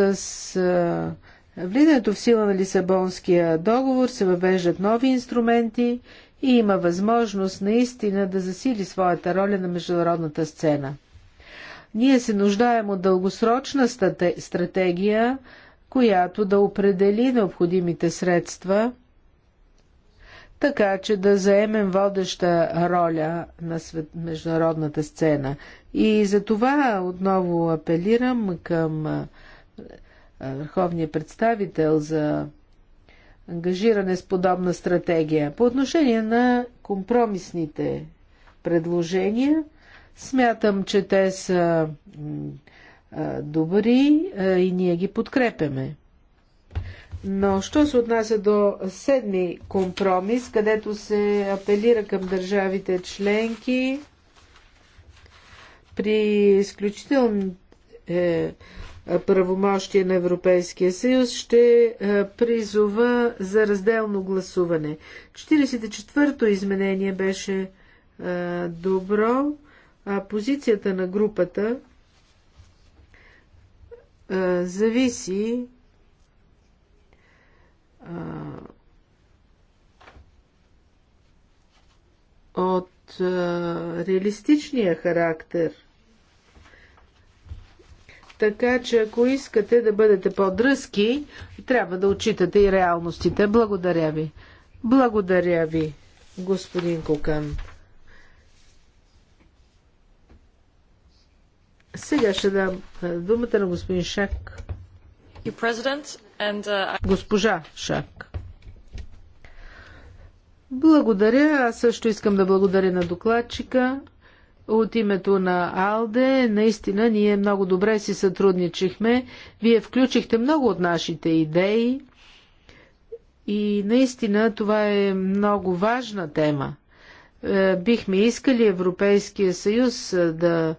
влизането в сила на Лисабонския договор се въвеждат нови инструменти и има възможност наистина да засили своята роля на международната сцена. Ние се нуждаем от дългосрочна стратегия която да определи необходимите средства, така че да заемем водеща роля на свет, международната сцена. И за това отново апелирам към върховния представител за ангажиране с подобна стратегия. По отношение на компромисните предложения, смятам, че те са добри и ние ги подкрепяме. Но що се отнася до седми компромис, където се апелира към държавите членки при изключителни е, правомощия на Европейския съюз, ще е, призова за разделно гласуване. 44-то изменение беше е, добро, а позицията на групата е, зависи е, от е, реалистичния характер. Така че ако искате да бъдете по-дръзки, трябва да отчитате и реалностите. Благодаря ви. Благодаря ви, господин Кокан. Сега ще дам е, думата на господин Шак. Uh, Госпожа Шак. Благодаря. Аз също искам да благодаря на докладчика. От името на АЛДЕ, наистина ние много добре си сътрудничихме. Вие включихте много от нашите идеи и наистина това е много важна тема. Е, бихме искали Европейския съюз е, да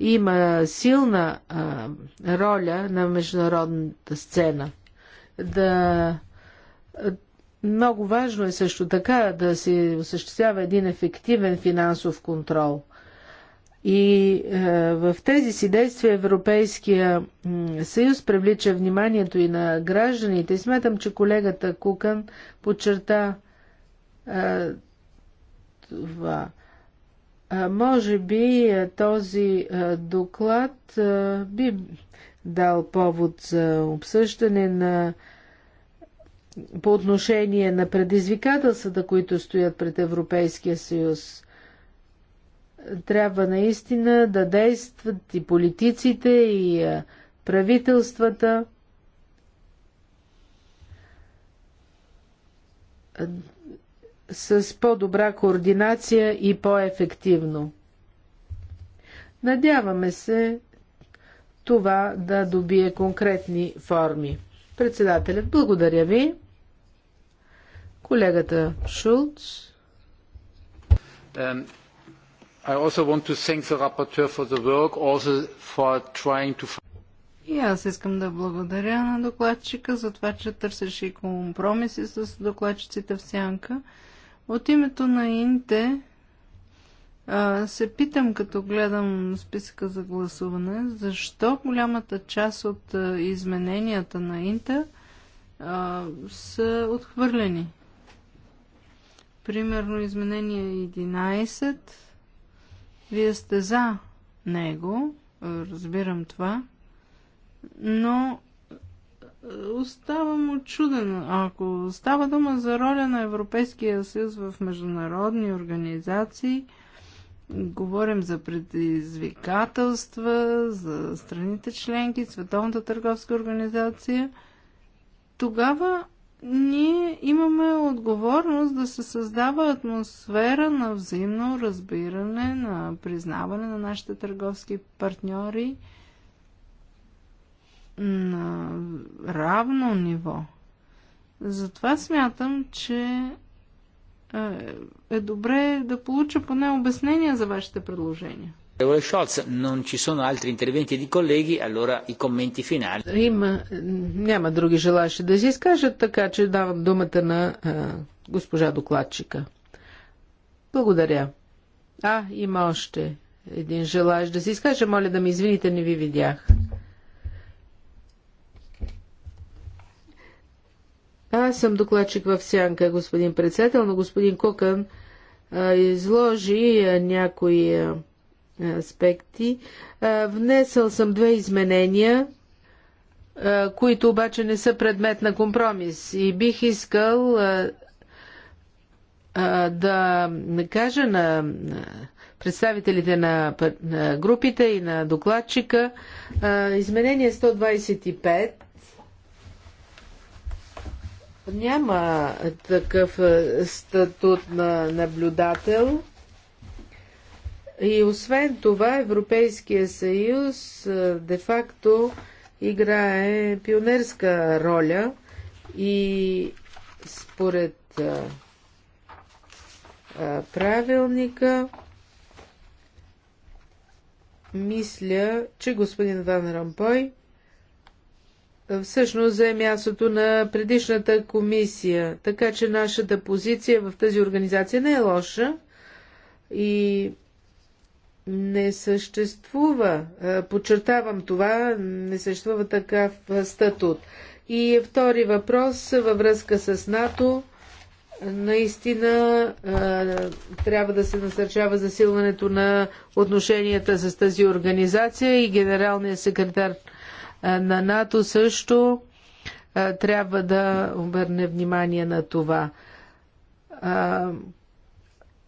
има силна а, роля на международната сцена. Да, много важно е също така да се осъществява един ефективен финансов контрол. И е, в тези си действия Европейския съюз привлича вниманието и на гражданите. И смятам, че колегата Кукън подчерта е, това. Може би този доклад би дал повод за обсъждане на по отношение на предизвикателствата, които стоят пред Европейския съюз. Трябва наистина да действат и политиците, и правителствата с по-добра координация и по-ефективно. Надяваме се това да добие конкретни форми. Председателят, благодаря ви. Колегата Шулц. Um, I also want to thank the rapporteur for the work, also for trying to и аз искам да благодаря на докладчика за това, че търсеше и компромиси с докладчиците в сянка. От името на Инте се питам, като гледам списъка за гласуване, защо голямата част от измененията на Инта са отхвърлени. Примерно изменение 11. Вие сте за него, разбирам това, но оставам очуден. Ако става дума за роля на Европейския съюз в международни организации, говорим за предизвикателства, за страните членки, Световната търговска организация, тогава ние имаме отговорност да се създава атмосфера на взаимно разбиране, на признаване на нашите търговски партньори – на равно ниво. Затова смятам, че е, е добре да получа поне обяснение за вашите предложения. Onorevole Scholz, non ci sono altri interventi di colleghi, allora i commenti finali. Има, няма други желаящи да си изкажат, така че давам думата на а, е, госпожа докладчика. Благодаря. А, има още един желаящ да си изкаже. Моля да ми извините, не ви видях. Аз съм докладчик в сянка, господин председател, но господин Кокън а, изложи а, някои а, аспекти. А, внесъл съм две изменения, а, които обаче не са предмет на компромис и бих искал а, а, да кажа на, представителите на, на групите и на докладчика а, изменение 125 няма такъв е, статут на наблюдател. И освен това, Европейския съюз е, де-факто играе пионерска роля и според е, правилника мисля, че господин Ван Рампой всъщност за мястото на предишната комисия. Така че нашата позиция в тази организация не е лоша и не съществува, подчертавам това, не съществува такъв статут. И е втори въпрос във връзка с НАТО. Наистина трябва да се насърчава засилването на отношенията с тази организация и генералният секретар е, на НАТО също е, трябва да обърне внимание на това. Е,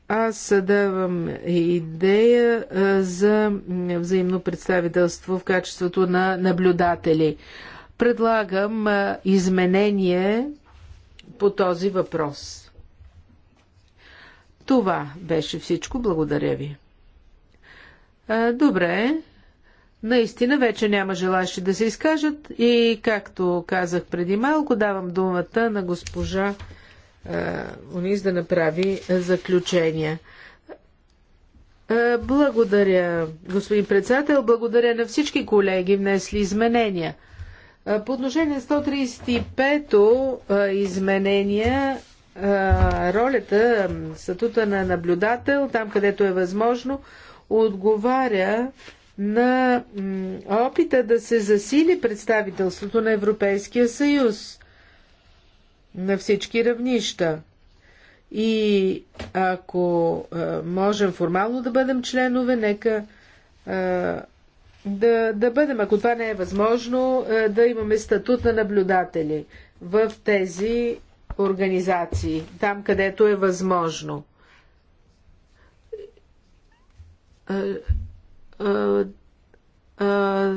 аз давам идея за взаимно представителство в качеството на наблюдатели. Предлагам изменение по този въпрос. Това беше всичко. Благодаря ви. Добре. Наистина вече няма желащи да се изкажат и, както казах преди малко, давам думата на госпожа Унис да направи заключения. благодаря, господин председател, благодаря на всички колеги, внесли изменения. по отношение на 135-то изменения, ролята, статута на наблюдател, там където е възможно, отговаря на опита да се засили представителството на Европейския съюз на всички равнища. И ако можем формално да бъдем членове, нека да, да бъдем, ако това не е възможно, да имаме статут на наблюдатели в тези организации, там където е възможно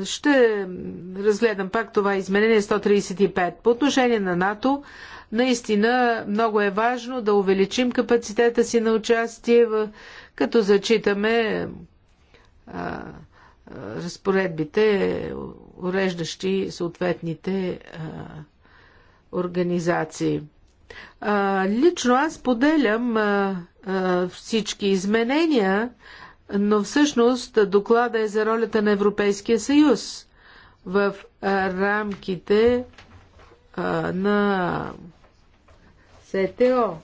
ще разгледам пак това изменение 135. По отношение на НАТО, наистина много е важно да увеличим капацитета си на участие, като зачитаме разпоредбите, уреждащи съответните организации. лично аз поделям всички изменения, но всъщност доклада е за ролята на Европейския съюз в рамките на СТО.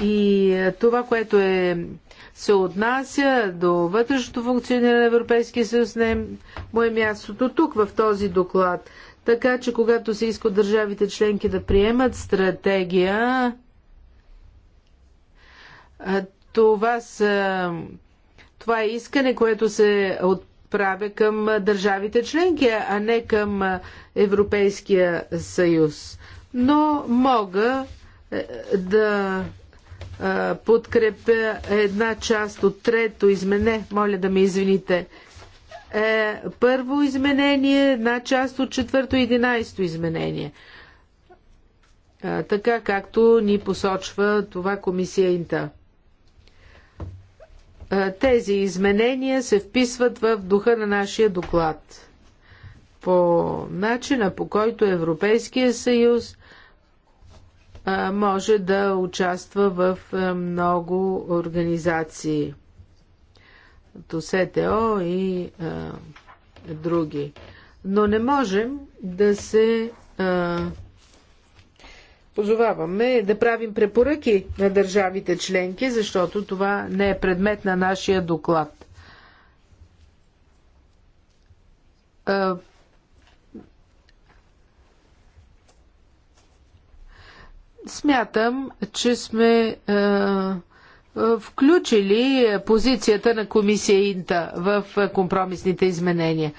И това, което е, се отнася до вътрешното функциониране на Европейския съюз, не е, мое мястото тук в този доклад. Така че, когато се иска държавите членки да приемат стратегия, това, са, това е искане, което се отправя към държавите членки, а не към Европейския съюз. Но мога е, да е, подкрепя една част от трето измене. Моля да ме извините. Е, първо изменение, една част от четвърто и единайсто изменение. Е, така както ни посочва това комисия Инта. Е, тези изменения се вписват в духа на нашия доклад. По начина по който Европейския съюз е, може да участва в е, много организации. ТОСЕТЕО и а, други. Но не можем да се а, позоваваме да правим препоръки на държавите членки, защото това не е предмет на нашия доклад. Смятам, че сме включили позицията на комисия Инта в компромисните изменения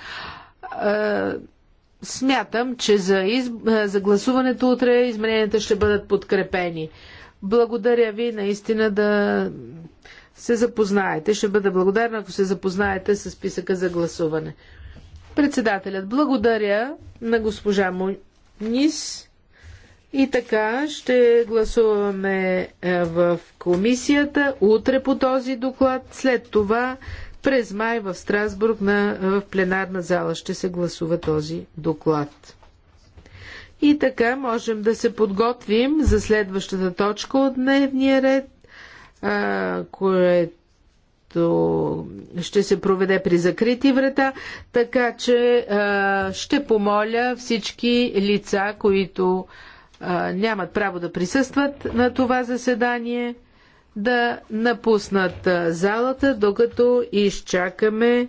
смятам, че за, из... Е, за гласуването утре измененията ще бъдат подкрепени. Благодаря ви наистина да се запознаете. Ще бъда благодарна, ако се запознаете с списъка за гласуване. Председателят, благодаря на госпожа Мунис. И така ще гласуваме е, в комисията утре по този доклад. След това през май в Страсбург на, в пленарна зала ще се гласува този доклад. И така можем да се подготвим за следващата точка от дневния ред, а, което ще се проведе при закрити врата, така че а, ще помоля всички лица, които а, нямат право да присъстват на това заседание, да напуснат залата, докато изчакаме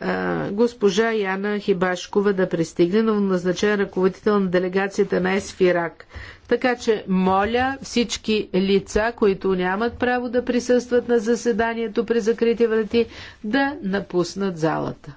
а, госпожа Яна Хибашкова да пристигне, но назначен ръководител на делегацията на ЕСфирак. Така че, моля всички лица, които нямат право да присъстват на заседанието при закрити врати, да напуснат залата.